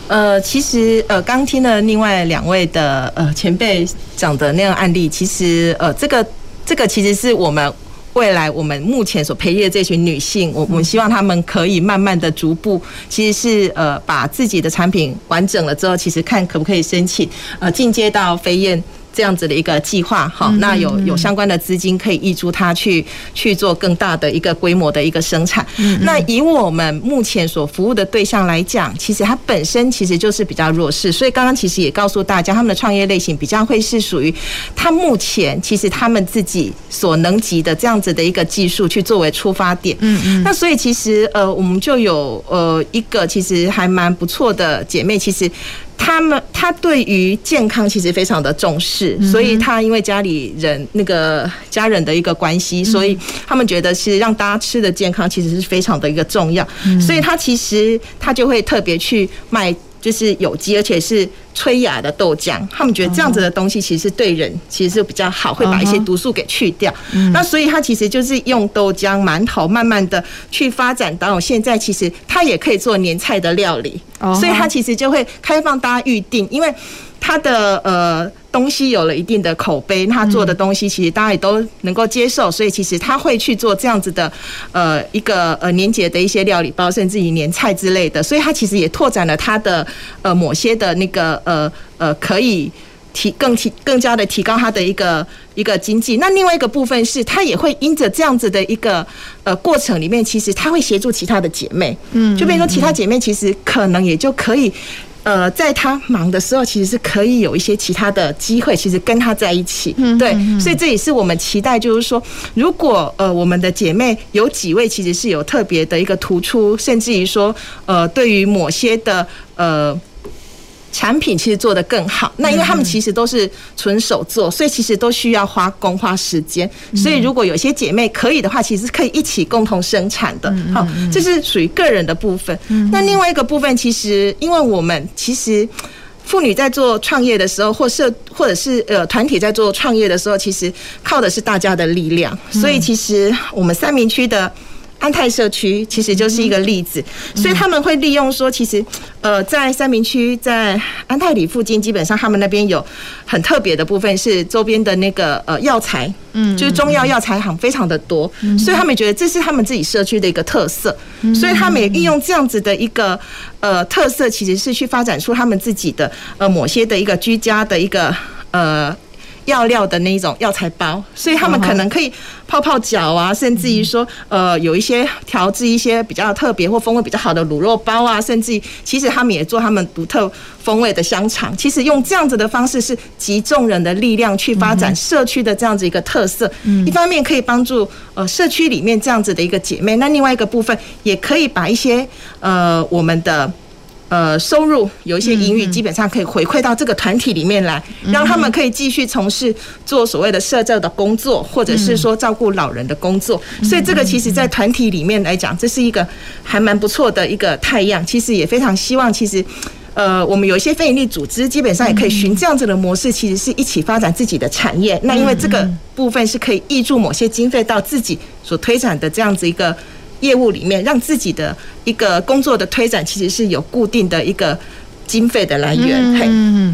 呃，其實呃剛聽了另外兩位的呃前輩講的那樣案例，其實呃這個這個其實是我們。未來，我們目前所培育的這群女性，我我們希望她們可以慢慢的、逐步，其實是呃，把自己的產品完整了之後，其實看可不可以申請呃，進階到飛燕。這樣子的一個計劃，好、嗯嗯，嗯、那有有相關的資金可以挹注他去去做更大的一個規模的一個生產。嗯嗯，那以我們目前所服務的對象來講，其實它本身其實就是比較弱勢，所以剛剛其實也告訴大家，他們的創業類型比較會是屬於他目前其實他們自己所能及的這樣子的一個技術去作為出發點。嗯嗯，那所以其實呃，我們就有呃一個其實還蠻不錯的姐妹，其實。他們他對於健康其實非常的重視，所以他因為家裡人那個家人的一個關係，所以他們覺得是讓大家吃的健康其實是非常的一個重要，所以他其實他就會特別去賣。就是有機，而且是催芽的豆漿。他們覺得這樣子的東西其實對人其實是比較好，會把一些毒素給去掉。那所以它其實就是用豆漿、饅頭慢慢的去發展到現在，其實它也可以做年菜的料理。所以它其實就會開放大家預定，因為。他的呃東西有了一定的口碑，他做的東西其實大家也都能夠接受，所以其實他會去做這樣子的呃一個呃年節的一些料理包，甚至於年菜之類的，所以他其實也拓展了他的呃某些的那個呃呃可以提更提更加的提高他的一個一個經濟。那另外一個部分是他也會因着這樣子的一個呃過程裡面，其實他會協助其他的姐妹，嗯，就比如說其他姐妹其實可能也就可以。呃，在他忙的時候，其實是可以有一些其他的機會，其實跟他在一起，嗯、對，所以這也是我們期待，就是說，如果呃，我們的姐妹有幾位，其實是有特別的一個突出，甚至於說，呃，對於某些的呃。產品其實做得更好，那因為他們其實都是純手做，嗯嗯，所以其實都需要花工花時間。所以如果有些姐妹可以的話，其實可以一起共同生產的。好、嗯嗯，嗯、這是屬於個人的部分。那另外一個部分，其實因為我們其實婦女在做創業的時候，或社或者是呃團體在做創業的時候，其實靠的是大家的力量。所以其實我們三民區的。安泰社區其實就是一個例子，嗯、所以他們會利用說，其實，呃，在三民區，在安泰里附近，基本上他們那邊有很特別的部分，是周邊的那個呃藥材，嗯，就是中藥藥材行非常的多，嗯，所以他們覺得這是他們自己社區的一個特色，嗯，所以他們也運用這樣子的一個呃特色，其實是去發展出他們自己的呃某些的一個居家的一個呃。藥料的那一種藥材包，所以他們可能可以泡泡腳啊，甚至於說，呃，有一些調製一些比較特別或風味比較好的滷肉包啊，甚至於，其實他們也做他們獨特風味的香腸。其實用這樣子的方式是集眾人的力量去發展社區的這樣子一個特色。嗯，一方面可以幫助呃社區裡面這樣子的一個姐妹，那另外一個部分也可以把一些呃我們的。呃，收入有一些盈餘，基本上可以回饋到這個團體裡面來，讓他們可以繼續從事做所謂的社政的工作，或者是說照顧老人的工作。所以這個其實，在團體裡面來講，這是一個還蠻不錯的一個太陽。其實也非常希望，其實呃，我們有一些非營利組織，基本上也可以循這樣子的模式，其實是一起發展自己的產業。那因為這個部分是可以挹注某些經費到自己所推展的這樣子一個。業務裡面，讓自己的一個工作的推展，其實是有固定的一個經費的來源。嗯。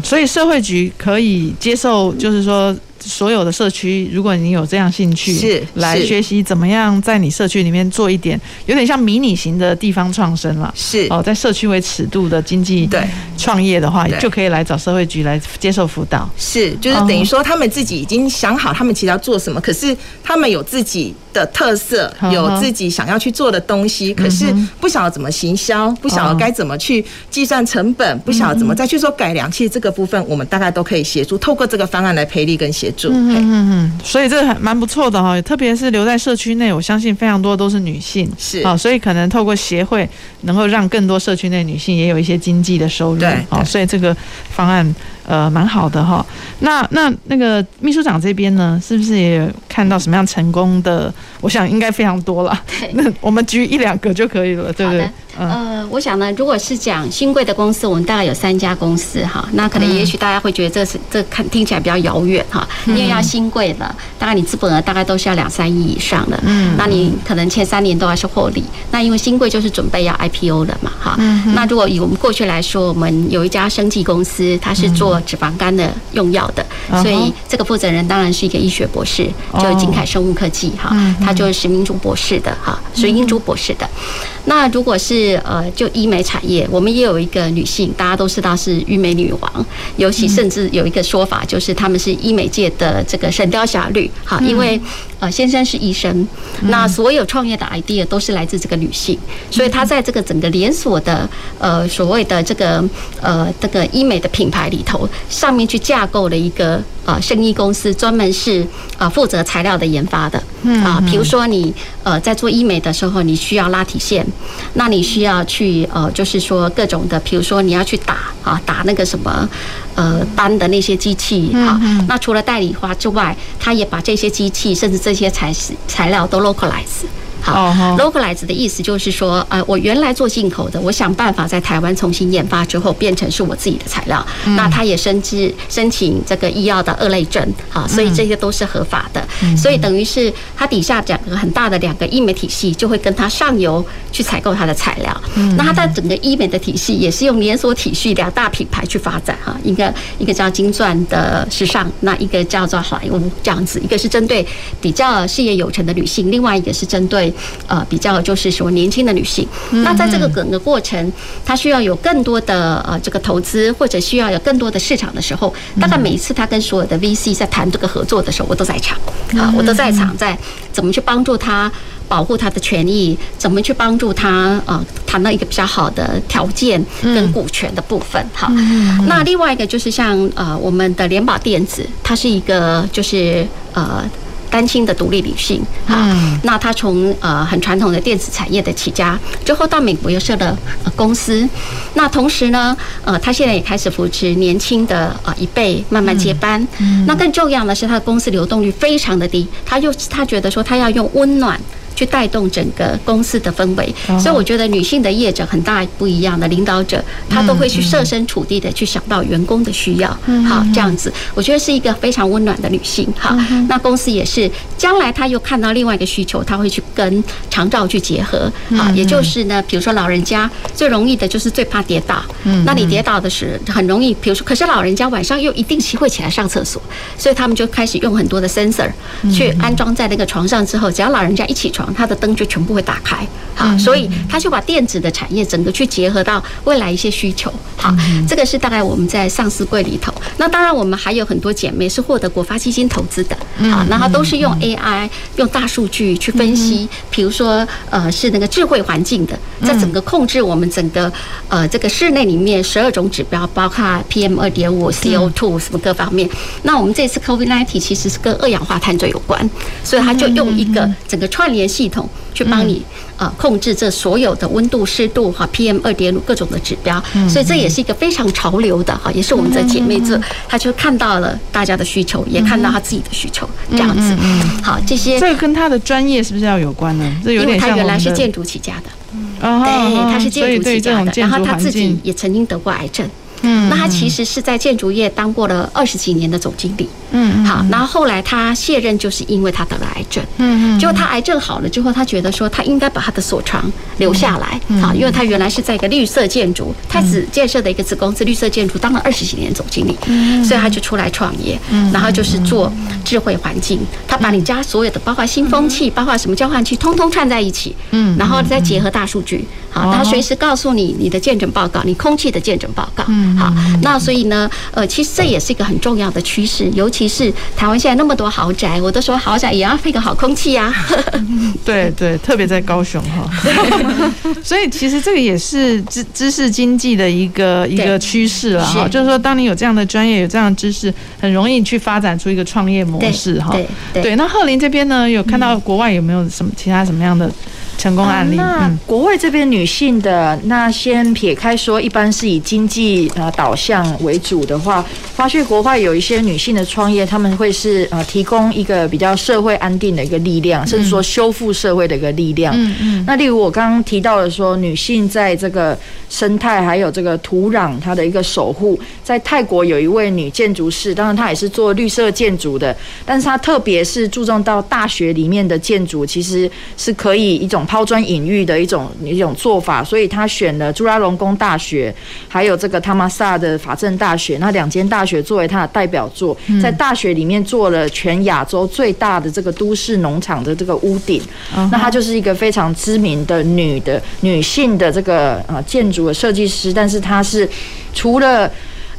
嘿，所以社會局可以接受，就是說。所有的社區，如果你有這樣興趣，是，是來學習怎麼樣在你社區裡面做一點，有點像迷你型的地方創生了。是哦，在社區為尺度的經濟對創業的話，就可以來找社會局來接受輔導。是，就是等於說他們自己已經想好他們其實要做什麼，可是他們有自己的特色，有自己想要去做的東西，可是不曉得怎麼行銷，不曉得該怎麼去計算成本，不曉得怎麼再去做改良。其實這個部分我們大概都可以協助，透過這個方案來培力跟協。嗯嗯嗯，所以這個還蠻不錯的哈、哦，特別是留在社區內，我相信非常多都是女性，是啊、哦，所以可能透過協會能夠讓更多社區內女性也有一些經濟的收入，哦，所以這個方案呃蠻好的哈、哦。那那那個秘書長這邊呢，是不是也看到什麼樣成功的？嗯、我想應該非常多了，那 (laughs) 我們舉一兩個就可以了，對不對？呃，我想呢，如果是講新貴的公司，我們大概有三家公司哈，那可能也許大家會覺得這是、嗯、這看聽起來比較遙遠哈，因為要新貴了，大概你資本額大概都是要兩三億以上的，嗯，那你可能前三年都還是獲利，那因為新貴就是準備要 IPO 了嘛哈、嗯，那如果以我們過去來說，我們有一家生技公司，它是做脂肪肝的用藥的、嗯，所以這個負責人當然是一個醫學博士，就是金凱生物科技哈，他、哦嗯、就是沈明珠博士的哈，以、嗯、英珠博士的，博士的、嗯，那如果是。呃，就醫美產業，我們也有一個女性，大家都知道是醫美女王，尤其甚至有一個說法，嗯、就是她們是醫美界的這個《神雕俠侶》。好，因為。呃，先生是醫生，那所有創業的 idea 都是來自這個女性，所以她在這個整個連鎖的呃所謂的這個呃這個醫美的品牌裡頭，上面去架構了一個呃生醫公司，專門是啊負、呃、責材料的研發的。嗯、呃、啊，比如說你呃在做醫美的時候，你需要拉體線，那你需要去呃就是說各種的，比如說你要去打啊打那個什麼。呃，搬的那些機器啊，嗯嗯，那除了代理花之外，他也把這些機器，甚至這些材材料都 localize。好 Localize，oh. 的意思就是說，呃，我原來做進口的，我想辦法在台灣重新研發之後，變成是我自己的材料。嗯、那他也申知申請這個醫藥的二類證，哈、啊，所以這些都是合法的。嗯、所以等於是他底下兩個很大的兩個醫美體系，就會跟他上游去採購他的材料。嗯、那他在整個醫美的體系也是用連鎖體系兩大品牌去發展，哈、啊，一個一個叫金鑽的時尚，那一個叫做好萊塢，這樣子，一個是針對比較事業有成的女性，另外一個是針對。呃，比較就是說年輕的女性、嗯，那在這個整個過程，她需要有更多的呃這個投資，或者需要有更多的市場的時候，大概每一次她跟所有的 VC 在談這個合作的時候，我都在場啊、呃，我都在場，在怎麼去幫助她保護她的權益，怎麼去幫助她呃談到一個比較好的條件跟股權的部分。好，嗯、那另外一個就是像呃我們的聯保電子，它是一個就是呃。單親的獨立女性、嗯、啊，那她從呃很傳統的電子產業的起家，之後到美國又設了、呃、公司。那同時呢，呃，她現在也開始扶持年輕的呃一輩慢慢接班、嗯嗯。那更重要的是，她的公司流動率非常的低。她又她覺得說，她要用溫暖。去帶動整個公司的氛圍，所以我覺得女性的業者很大不一樣的領導者，她都會去設身處地的去想到員工的需要，嗯，好，這樣子，我覺得是一個非常溫暖的女性。好，那公司也是將來她又看到另外一個需求，她會去跟長照去結合，啊，也就是呢，比如說老人家最容易的就是最怕跌倒，嗯，那你跌倒的時候很容易，比如說可是老人家晚上又一定是會起來上廁所，所以他們就開始用很多的 sensor 去安裝在那個床上之後，只要老人家一起床，它的燈就全部會打開啊，嗯嗯嗯，所以他就把電子的產業整個去結合到未來一些需求好，嗯嗯嗯，這個是大概我們在上市櫃裡頭。那當然我們還有很多姐妹是獲得國發基金投資的啊，那他都是用 AI 嗯嗯嗯，用大數據去分析，比、嗯嗯嗯嗯、如說呃是那個智慧環境的，在整個控制我們整個呃這個室內裡面十二種指標，包括 PM 二點五、CO2 嗯嗯嗯嗯什麼各方面。那我們這次 COVID-19 其實是跟二氧化碳最有關，所以他就用一個整個串聯系系統去幫你呃控制這所有的溫度、濕度和 PM 二點五各種的指標，嗯，所以這也是一個非常潮流的哈、啊，也是我們的姐妹，這、嗯、他就看到了大家的需求，嗯、也看到他自己的需求，嗯、這樣子，嗯。好，這些這跟他的專業是不是要有關呢？這有點像。因為她他原來是建築起家的，嗯哦哦哦，對，他是建築起家的，然後他自己也曾經得過癌症。嗯，那他其實是在建築業當過了二十幾年的總經理。嗯，好，然後後來他卸任，就是因為他得了癌症。嗯嗯。結果他癌症好了之後，他覺得說他應該把他的所長留下來。嗯。好，因為他原來是在一個綠色建築，太子建設的一個子公司綠色建築當了二十幾年總經理，所以他就出來創業。嗯。然後就是做智慧環境，他把你家所有的，包括新風器，包括什麼交換器，通通串在一起。嗯。然後再結合大數據，好，他隨時告訴你你的健診報告，你空氣的健診報告。嗯。好，那所以呢，呃，其實這也是一個很重要的趨勢，尤其是台灣現在那麼多豪宅，我都說豪宅也要配個好空氣呀，啊。對對，特別在高雄哈。所以其實這個也是知知識經濟的一個一個趨勢了哈，就是說當你有這樣的專業、有這樣的知識，很容易去發展出一個創業模式哈。對對，對，對。那赫琳這邊呢，有看到國外有沒有什麼其他什麼樣的？成功案例。啊、那國外這邊女性的，那先撇開說，一般是以經濟啊、呃、導向為主的話，發現國外有一些女性的創業，她們會是啊、呃、提供一個比較社會安定的一個力量，甚至說修復社會的一個力量。嗯嗯。那例如我剛剛提到的說，女性在這個生態還有這個土壤它的一個守護，在泰國有一位女建築師，當然她也是做綠色建築的，但是她特別是注重到大學裡面的建築，其實是可以一種。拋磚引玉的一種一種做法，所以他選了朱拉隆功大學，還有這個塔馬薩的法政大學，那兩間大學作為他的代表作，嗯，在大學裡面做了全亞洲最大的這個都市農場的這個屋頂，嗯、那他就是一個非常知名的女的女性的這個呃建築的設計師，但是她是除了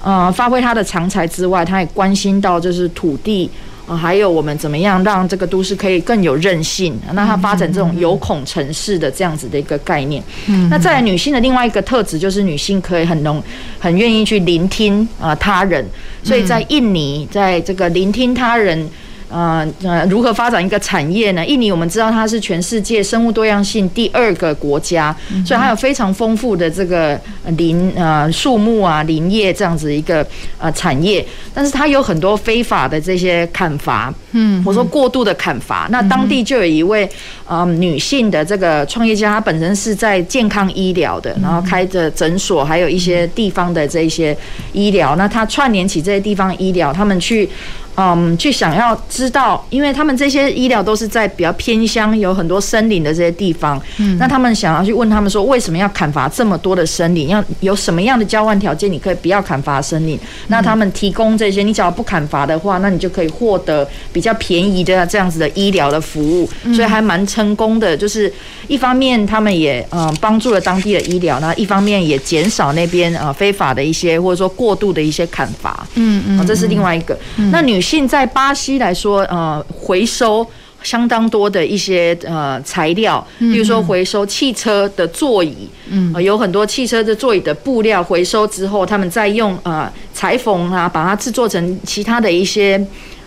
呃發揮他的長才之外，他也關心到就是土地。還有我們怎麼樣讓這個都市可以更有韌性？那它發展這種有孔城市的這樣子的一個概念。那在女性的另外一個特質就是女性可以很能、很願意去聆聽啊他人。所以在印尼，在這個聆聽他人。呃，呃如何發展一個產業呢？印尼我們知道它是全世界生物多樣性第二個國家，所以它有非常豐富的這個林呃樹木啊林業這樣子一個呃產業，但是它有很多非法的這些砍伐，嗯，或者說過度的砍伐。嗯嗯那當地就有一位呃女性的這個創業家，她本身是在健康醫療的，然後開着診所，還有一些地方的這些醫療。那她串聯起這些地方醫療，他們去。嗯，去想要知道，因為他們這些醫療都是在比較偏鄉，有很多森林的這些地方。嗯。那他們想要去問他們說，為什麼要砍伐這麼多的森林？要有什麼樣的交換條件？你可以不要砍伐森林，嗯？那他們提供這些，你只要不砍伐的話，那你就可以獲得比較便宜的這樣子的醫療的服務。嗯、所以還蠻成功的，就是一方面他們也嗯幫助了當地的醫療，那一方面也減少那邊呃非法的一些或者說過度的一些砍伐。嗯嗯。這是另外一個。那、嗯、女。嗯女性在巴西來說，呃，回收相當多的一些呃材料，比如說回收汽車的座椅，嗯、呃，有很多汽車的座椅的布料回收之後，他們再用呃裁縫啊把它製作成其他的一些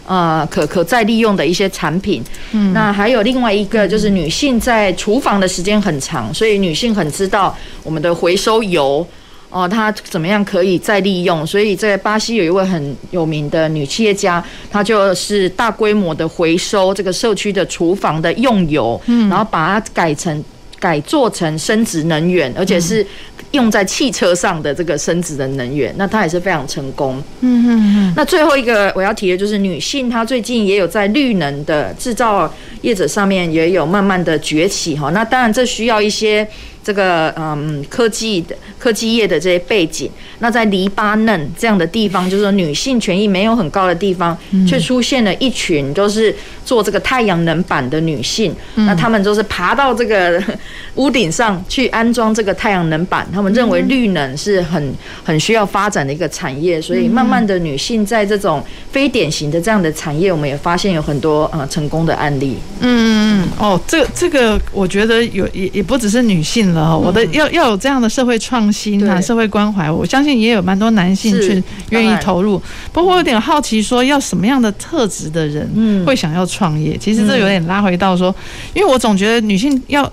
呃可可再利用的一些產品。嗯，那還有另外一個就是女性在廚房的時間很長，所以女性很知道我們的回收油。哦，它怎麼樣可以再利用？所以在巴西有一位很有名的女企業家，她就是大規模的回收這個社區的廚房的用油，嗯，然後把它改成改做成生質能源，而且是用在汽車上的這個生質的能源，嗯，那她也是非常成功。嗯嗯，嗯那最後一個我要提的就是女性，她最近也有在綠能的製造業者上面也有慢慢的崛起哈，哦。那當然這需要一些。這個嗯，科技的科技業的這些背景，那在黎巴嫩這樣的地方，就是說女性權益沒有很高的地方，嗯、卻出現了一群都是做這個太陽能板的女性、嗯。那她們就是爬到這個屋頂上去安裝這個太陽能板。她們認為綠能是很、嗯、很需要發展的一個產業，所以慢慢的女性在這種非典型的這樣的產業，我們也發現有很多啊、呃、成功的案例。嗯嗯哦，這這個我覺得有也也不只是女性了。我的要要有這樣的社會創新啊，社會關懷，我相信也有蠻多男性去願意投入。不過我有點好奇，說要什麼樣的特質的人會想要創業？其實這有點拉回到說，因為我總覺得女性要。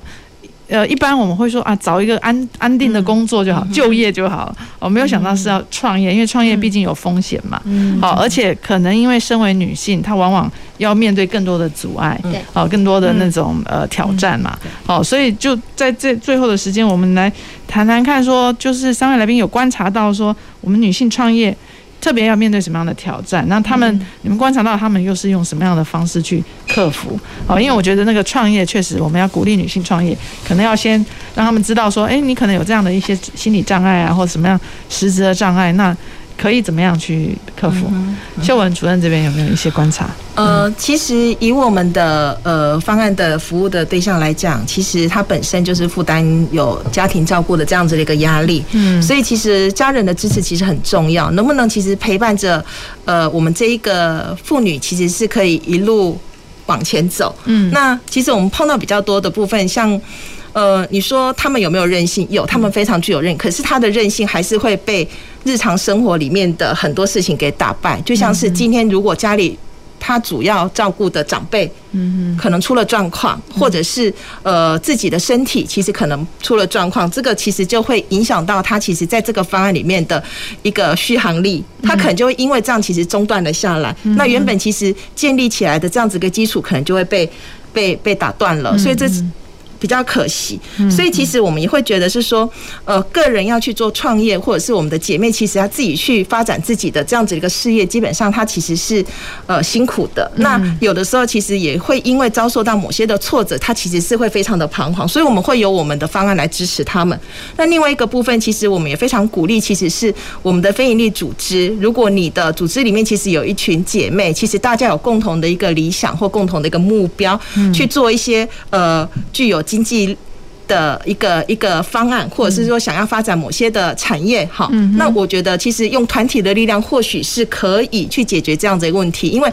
呃，一般我們會說啊，找一個安安定的工作就好，嗯、就業就好、嗯、哦，我沒有想到是要創業，因為創業畢竟有風險嘛。好、嗯哦嗯，而且可能因為身為女性，她往往要面對更多的阻礙，嗯、哦，更多的那種、嗯、呃挑戰嘛。好、嗯嗯哦，所以就在這最後的時間，我們來談談看，說就是三位來賓有觀察到說，我們女性創業。特別要面對什麼樣的挑戰？那他們，你們觀察到他們又是用什麼樣的方式去克服？好，因為我覺得那個創業確實，我們要鼓勵女性創業，可能要先讓他們知道說，哎、欸，你可能有這樣的一些心理障礙啊，或者什麼樣實質的障礙，那。可以怎麼樣去克服？嗯嗯、秀雯主任這邊有沒有一些觀察？呃，其實以我們的呃方案的服務的對象來講，其實他本身就是負擔有家庭照顧的這樣子的一個壓力。嗯，所以其實家人的支持其實很重要，能不能其實陪伴着呃我們這一個婦女其實是可以一路往前走。嗯，那其實我們碰到比較多的部分像。呃，你說他們有沒有韌性？有，他們非常具有韌性。可是他的韌性還是會被日常生活裡面的很多事情給打敗。就像是今天，如果家裡他主要照顧的長輩，嗯嗯，可能出了狀況，或者是呃自己的身體其實可能出了狀況，這個其實就會影響到他其實在這個方案裡面的一個續航力。他可能就會因為這樣其實中斷了下來。那原本其實建立起來的這樣子一個基礎，可能就會被被被打斷了。所以這。比較可惜，所以其實我們也會覺得是說，呃，個人要去做創業，或者是我們的姐妹其實要自己去發展自己的這樣子一個事業，基本上它其實是呃辛苦的。那有的時候其實也會因為遭受到某些的挫折，她其實是會非常的彷徨。所以我們會有我們的方案來支持他們。那另外一個部分，其實我們也非常鼓勵，其實是我們的非營利組織，如果你的組織裡面其實有一群姐妹，其實大家有共同的一個理想或共同的一個目標，去做一些呃具有。經濟的一個一個方案，或者是說想要發展某些的產業，好、嗯，那我覺得其實用團體的力量，或許是可以去解決這樣子的一個問題，因為。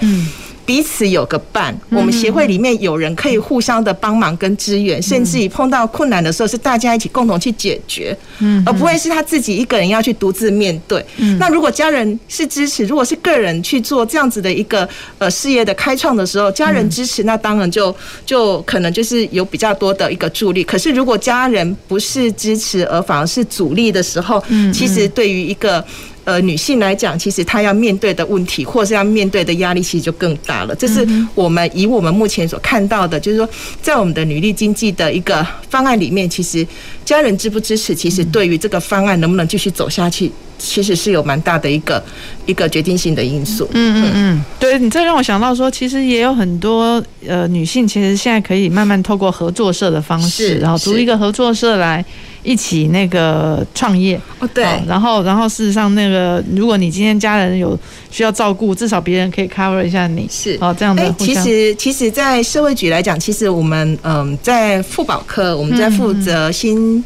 彼此有個伴，我們協會裡面有人可以互相的幫忙跟支援，甚至於碰到困難的時候，是大家一起共同去解決，而不會是他自己一個人要去獨自面對。那如果家人是支持，如果是個人去做這樣子的一個呃事業的開創的時候，家人支持，那當然就就可能就是有比較多的一個助力。可是如果家人不是支持，而反而是阻力的時候，其實對於一個。呃，女性來講，其實她要面對的問題，或是要面對的壓力，其實就更大了。這是我們以我們目前所看到的，就是說，在我們的女力經濟的一個方案裡面，其實家人支不支持，其實對於這個方案能不能繼續走下去，其實是有蠻大的一個一個決定性的因素。嗯嗯嗯，對你這讓我想到說，其實也有很多呃女性，其實現在可以慢慢透過合作社的方式，然後組一個合作社來。一起那個創業哦，對，然後然後事實上那個，如果你今天家人有需要照顧，至少別人可以 cover 一下你，是哦這樣的、欸。其實其實，在社會局來講，其實我們嗯、呃，在婦保科，我們在負責新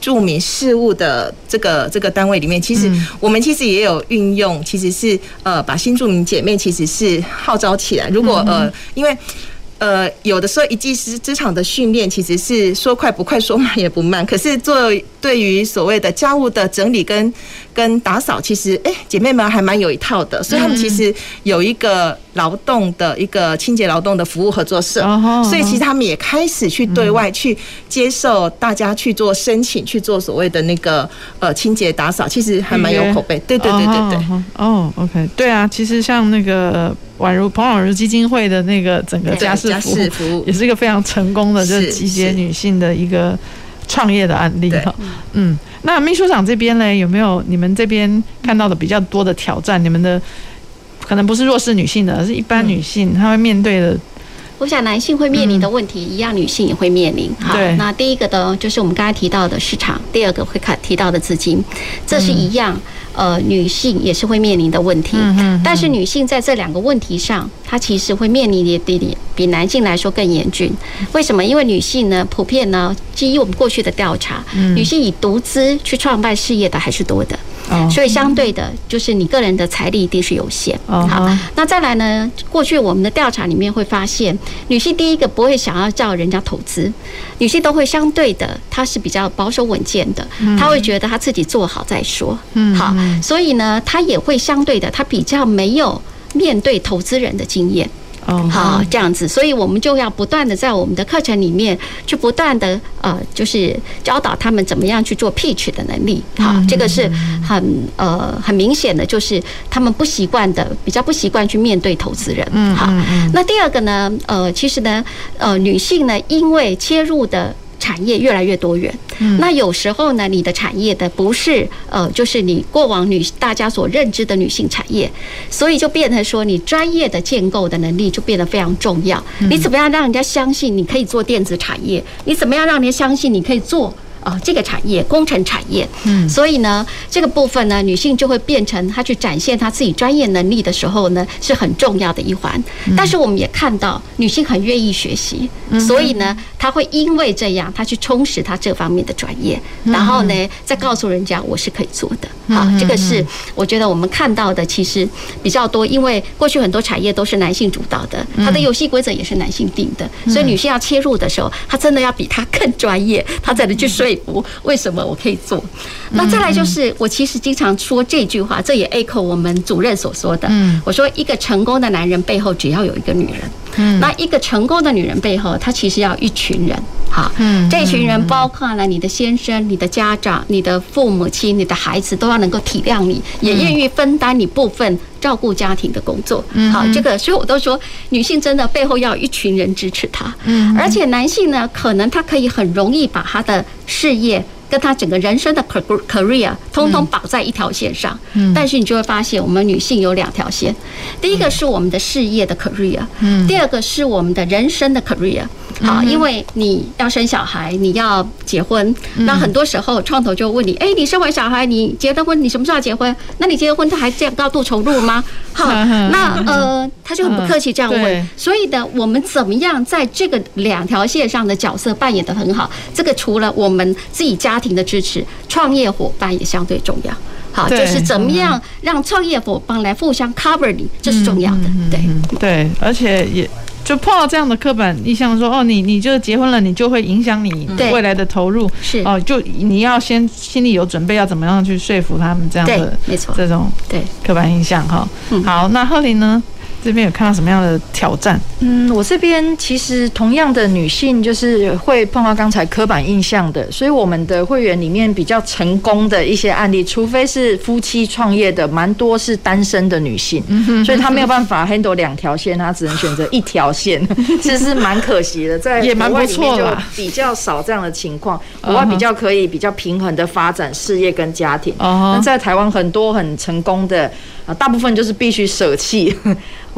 住民事務的這個、嗯、這個單位裡面，其實我們其實也有運用，其實是呃把新住民姐妹其實是號召起來，如果、嗯、呃因為。呃，有的時候一技之長的訓練，其實是說快不快，說慢也不慢。可是做對於所謂的家務的整理跟。跟打掃其實，哎、欸，姐妹們還蠻有一套的，所以他們其實有一個勞動的一個清潔勞動的服務合作社、嗯，所以其實他們也開始去對外、嗯、去接受大家去做申請，去做所謂的那個呃清潔打掃，其實還蠻有口碑、嗯。對對對對對。哦,哦,哦,哦，OK，對啊，其實像那個宛如彭婉如基金會的那個整個家事,家事服務，也是一個非常成功的，是是就是集結女性的一個創業的案例。嗯。那秘書長這邊呢，有沒有你們這邊看到的比較多的挑戰？你們的可能不是弱勢女性的，而是一般女性，她會面對的。我想男性會面臨的問題，一樣女性也會面臨。哈，那第一個呢，就是我們剛才提到的市場；第二個會看提到的資金，這是一樣。呃，女性也是會面臨的問題，但是女性在這兩個問題上，她其實會面臨一點點，比男性來說更嚴峻。為什麼？因為女性呢，普遍呢，基於我們過去的調查，女性以獨資去創辦事業的還是多的。所以相對的，就是你個人的財力一定是有限。好，那再來呢？過去我們的調查裡面會發現，女性第一個不會想要叫人家投資，女性都會相對的，她是比較保守穩健的，她會覺得她自己做好再說。嗯，好，所以呢，她也會相對的，她比較沒有面對投資人的經驗。Oh, okay. 好，這樣子，所以我們就要不斷的在我們的課程裡面去不斷的呃，就是教導他們怎麼樣去做 pitch 的能力。好，mm -hmm. 這個是很呃很明顯的，就是他們不習慣的，比較不習慣去面對投資人。嗯好。Mm -hmm. 那第二個呢，呃，其實呢，呃，女性呢，因為切入的。產業越來越多元，那有時候呢，你的產業的不是呃，就是你過往女大家所認知的女性產業，所以就變成說，你專業的建構的能力就變得非常重要。你怎麼樣讓人家相信你可以做電子產業？你怎麼樣讓人家相信你可以做？哦，這個產業，工程產業，嗯，所以呢，這個部分呢，女性就會變成她去展現她自己專業能力的時候呢，是很重要的一環。嗯、但是我們也看到女性很願意學習、嗯，所以呢，她會因為這樣，她去充實她這方面的專業，然後呢，嗯、再告訴人家我是可以做的、嗯。好，這個是我覺得我們看到的其實比較多，因為過去很多產業都是男性主導的，他的遊戲規則也是男性定的、嗯，所以女性要切入的時候，她真的要比他更專業，她才能去說。我為什麼我可以做？那再來就是，我其實經常說這句話，這也 echo 我們主任所說的。嗯，我說，一個成功的男人背後，只要有一個女人。那一個成功的女人背後，她其實要一群人，好，嗯，這群人包括了你的先生、嗯、你的家長、你的父母親、你的孩子，都要能夠體諒你、嗯，也願意分擔你部分照顧家庭的工作，好，嗯、這個，所以我都說，女性真的背後要一群人支持她，嗯，而且男性呢，可能他可以很容易把他的事業。跟他整個人生的 career 通通綁在一條線上、嗯，但是你就會發現，我們女性有兩條線、嗯，第一個是我們的事業的 career，、嗯、第二個是我們的人生的 career、嗯。好，因為你要生小孩，你要結婚，那、嗯、很多時候創投就問你，哎、嗯欸，你生完小孩，你結了婚，你什麼時候要結婚？那你結了婚，他還這樣高度投入嗎？好，嗯、那呃，他就很不客氣這樣問、嗯。所以呢，我們怎麼樣在這個兩條線上的角色扮演得很好？這個除了我們自己家。家庭的支持，創業夥伴也相對重要。好，就是怎麼樣讓創業夥伴來互相 cover 你，這、嗯，就是重要的。對對，而且也就碰到這樣的刻板印象說，說哦，你你就結婚了，你就會影響你未來的投入，哦是哦，就你要先心裡有準備，要怎麼樣去說服他們這樣的，沒錯，這種對刻板印象哈。好，嗯、那赫琳呢？這邊有看到什麼樣的挑戰？嗯，我這邊其實同樣的女性就是會碰到剛才刻板印象的，所以我們的會員裡面比較成功的一些案例，除非是夫妻創業的，蠻多是單身的女性、嗯哼，所以她沒有辦法 handle 兩條線，她只能選擇一條線， (laughs) 其實是蠻可惜的。在國外裡面就比較少這樣的情況。國外比較可以比較平衡的發展事業跟家庭。哦、嗯，在台灣很多很成功的，大部分就是必須捨棄。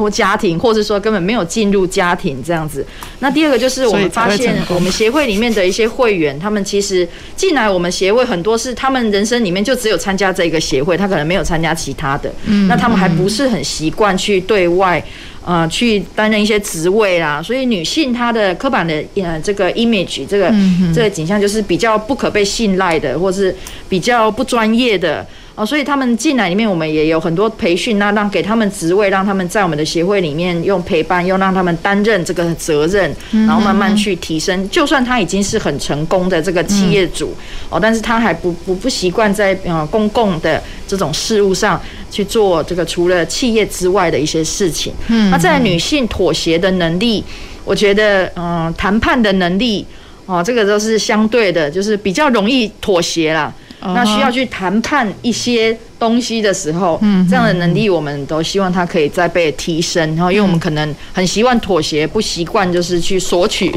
家庭，或者說根本沒有進入家庭這樣子。那第二個就是我們發現，我們協會裡面的一些會員，他們其實進來我們協會很多是他們人生裡面就只有參加這一個協會，他可能沒有參加其他的。那他們還不是很習慣去對外呃去擔任一些職位啦。所以女性她的刻板的呃這個 image 這個這個景象就是比較不可被信賴的，或是比較不專業的。哦，所以他們進來裡面，我們也有很多培訓，那讓給他們職位，讓他們在我們的協會裡面用陪伴，又讓他們擔任這個責任，然後慢慢去提升。就算他已經是很成功的這個企業主哦，但是他還不不不習慣在嗯公共的這種事務上去做這個除了企業之外的一些事情。嗯，那在女性妥協的能力，我覺得嗯談判的能力哦，這個都是相對的，就是比較容易妥協啦。那需要去談判一些東西的時候，這樣的能力我們都希望它可以再被提升。然後，因為我們可能很習慣妥協，不習慣就是去索取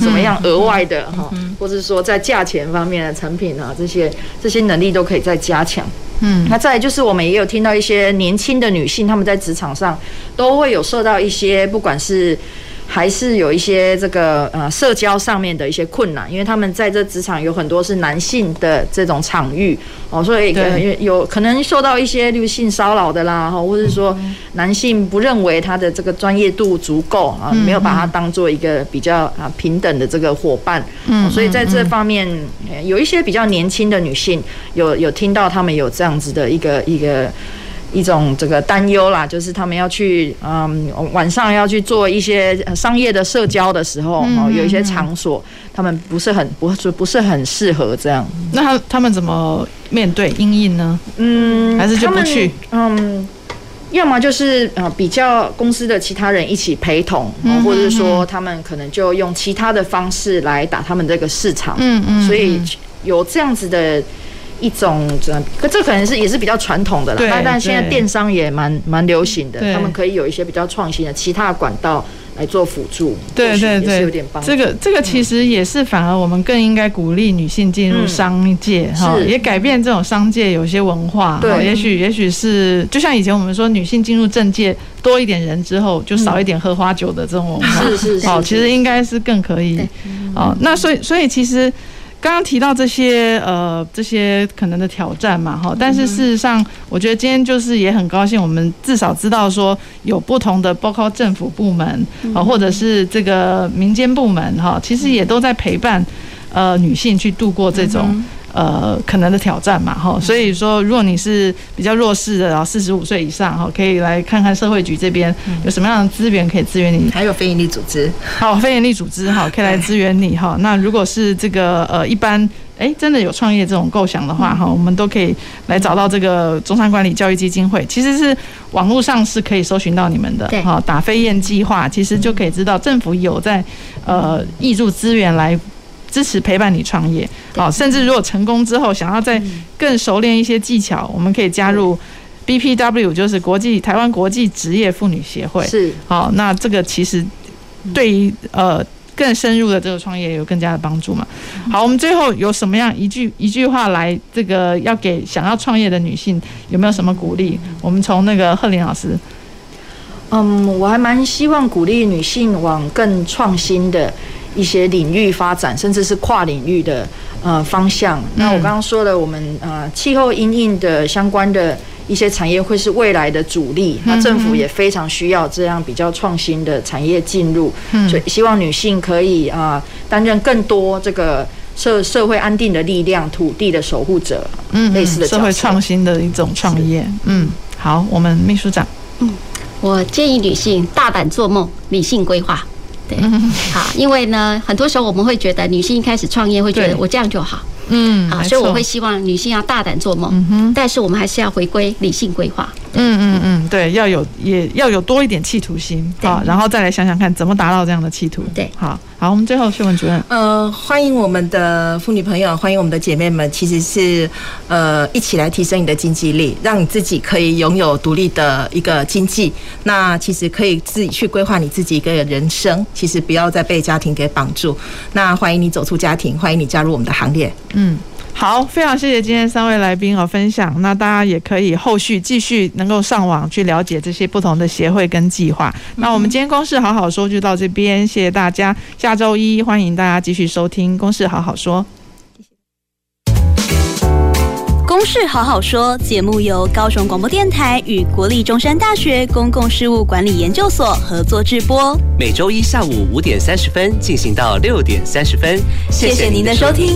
怎麼樣額外的哈，或者是說在價錢方面的成品啊，這些這些能力都可以再加強。嗯，那再就是我們也有聽到一些年輕的女性，她們在職場上都會有受到一些不管是。還是有一些這個呃社交上面的一些困難，因為他們在這職場有很多是男性的這種場域哦，所以有可能受到一些例如性騷擾的啦，或者說男性不認為他的這個專業度足夠啊，沒有把他當做一個比較啊平等的這個伙伴，嗯，所以在這方面有一些比較年輕的女性有有聽到他們有這樣子的一個一個。一種這個擔憂啦，就是他們要去，嗯，晚上要去做一些商業的社交的時候，有一些場所他們不是很不不是很適合這樣。那他他們怎麼面對因應呢？嗯，還是就不去？嗯，要麼就是比較公司的其他人一起陪同，或者是說他們可能就用其他的方式來打他們這個市場。嗯嗯，所以有這樣子的。一種這可，這可能是也是比較傳統的啦，但但現在電商也蠻蠻流行的，他們可以有一些比較創新的其他的管道來做輔助。對對對，這個這個其實也是反而我們更應該鼓勵女性進入商界哈、嗯哦，也改變這種商界有些文化。對，哦、也許也許是就像以前我們說女性進入政界多一點人之後，就少一點喝花酒的這種文化。嗯哦、是是是哦，哦，其實應該是更可以哦。那所以所以其實。剛剛提到這些，呃，這些可能的挑戰嘛，哈，但是事實上，我覺得今天就是也很高興，我們至少知道說有不同的，包括政府部門啊，或者是這個民間部門，哈，其實也都在陪伴，呃，女性去度過這種。呃，可能的挑戰嘛，哈，所以說，如果你是比較弱勢的，然後四十五歲以上，哈，可以來看看社會局這邊有什麼樣的資源可以支援你。還有非營利組織，好，非營利組織，哈，可以來支援你，哈。那如果是這個呃一般，哎、欸，真的有創業這種構想的話，哈，我們都可以來找到這個中山管理教育基金會，其實是網絡上是可以搜尋到你們的，對，哈，打飛燕計劃，其實就可以知道政府有在呃挹注資源來。支持陪伴你創業，好，哦，甚至如果成功之後，想要再更熟練一些技巧、嗯，我們可以加入 B P W，就是國際台灣國際職業婦女協會，是好，哦，那這個其實對於、嗯、呃更深入的這個創業有更加的幫助嘛、嗯。好，我們最後有什麼樣一句一句話來這個要給想要創業的女性，有沒有什麼鼓勵、嗯？我們從那個赫琳老師。嗯，我還蠻希望鼓勵女性往更創新的一些領域發展，甚至是跨領域的呃方向。那我剛剛說了，我們呃氣候因應的相關的一些產業會是未來的主力。那政府也非常需要這樣比較創新的產業進入，所以希望女性可以啊呃、擔任更多這個社社會安定的力量，土地的守護者，嗯，嗯，類似的社會創新的一種創業。嗯，好，我們秘書長。嗯，我建議女性大膽做夢，理性規劃。對，好，因為呢，很多時候我們會覺得女性一開始創業會覺得我這樣就好，嗯，啊，所以我會希望女性要大膽做夢，嗯哼，但是我們還是要回歸理性規劃。嗯嗯嗯，對，要有也要有多一點企圖心啊，然後再來想想看怎麼達到這樣的企圖。對，好好，我們最後秀雯主任。呃，歡迎我們的婦女朋友，歡迎我們的姐妹們，其實是呃一起來提升你的經濟力，讓你自己可以擁有獨立的一個經濟，那其實可以自己去規劃你自己一個人生，其實不要再被家庭給綁住。那歡迎你走出家庭，歡迎你加入我們的行列。嗯。好，非常謝謝今天三位來賓和分享。那大家也可以後續繼續能夠上網去了解這些不同的協會跟計劃。嗯、那我們今天公事好好說就到這邊，謝謝大家。下週一歡迎大家繼續收聽《公事好好說》。《公事好好說》節目由高雄廣播電台與國立中山大學公共事務管理研究所合作直播，每週一下午五點三十分進行到六點三十分，謝謝謝謝。謝謝您的收聽。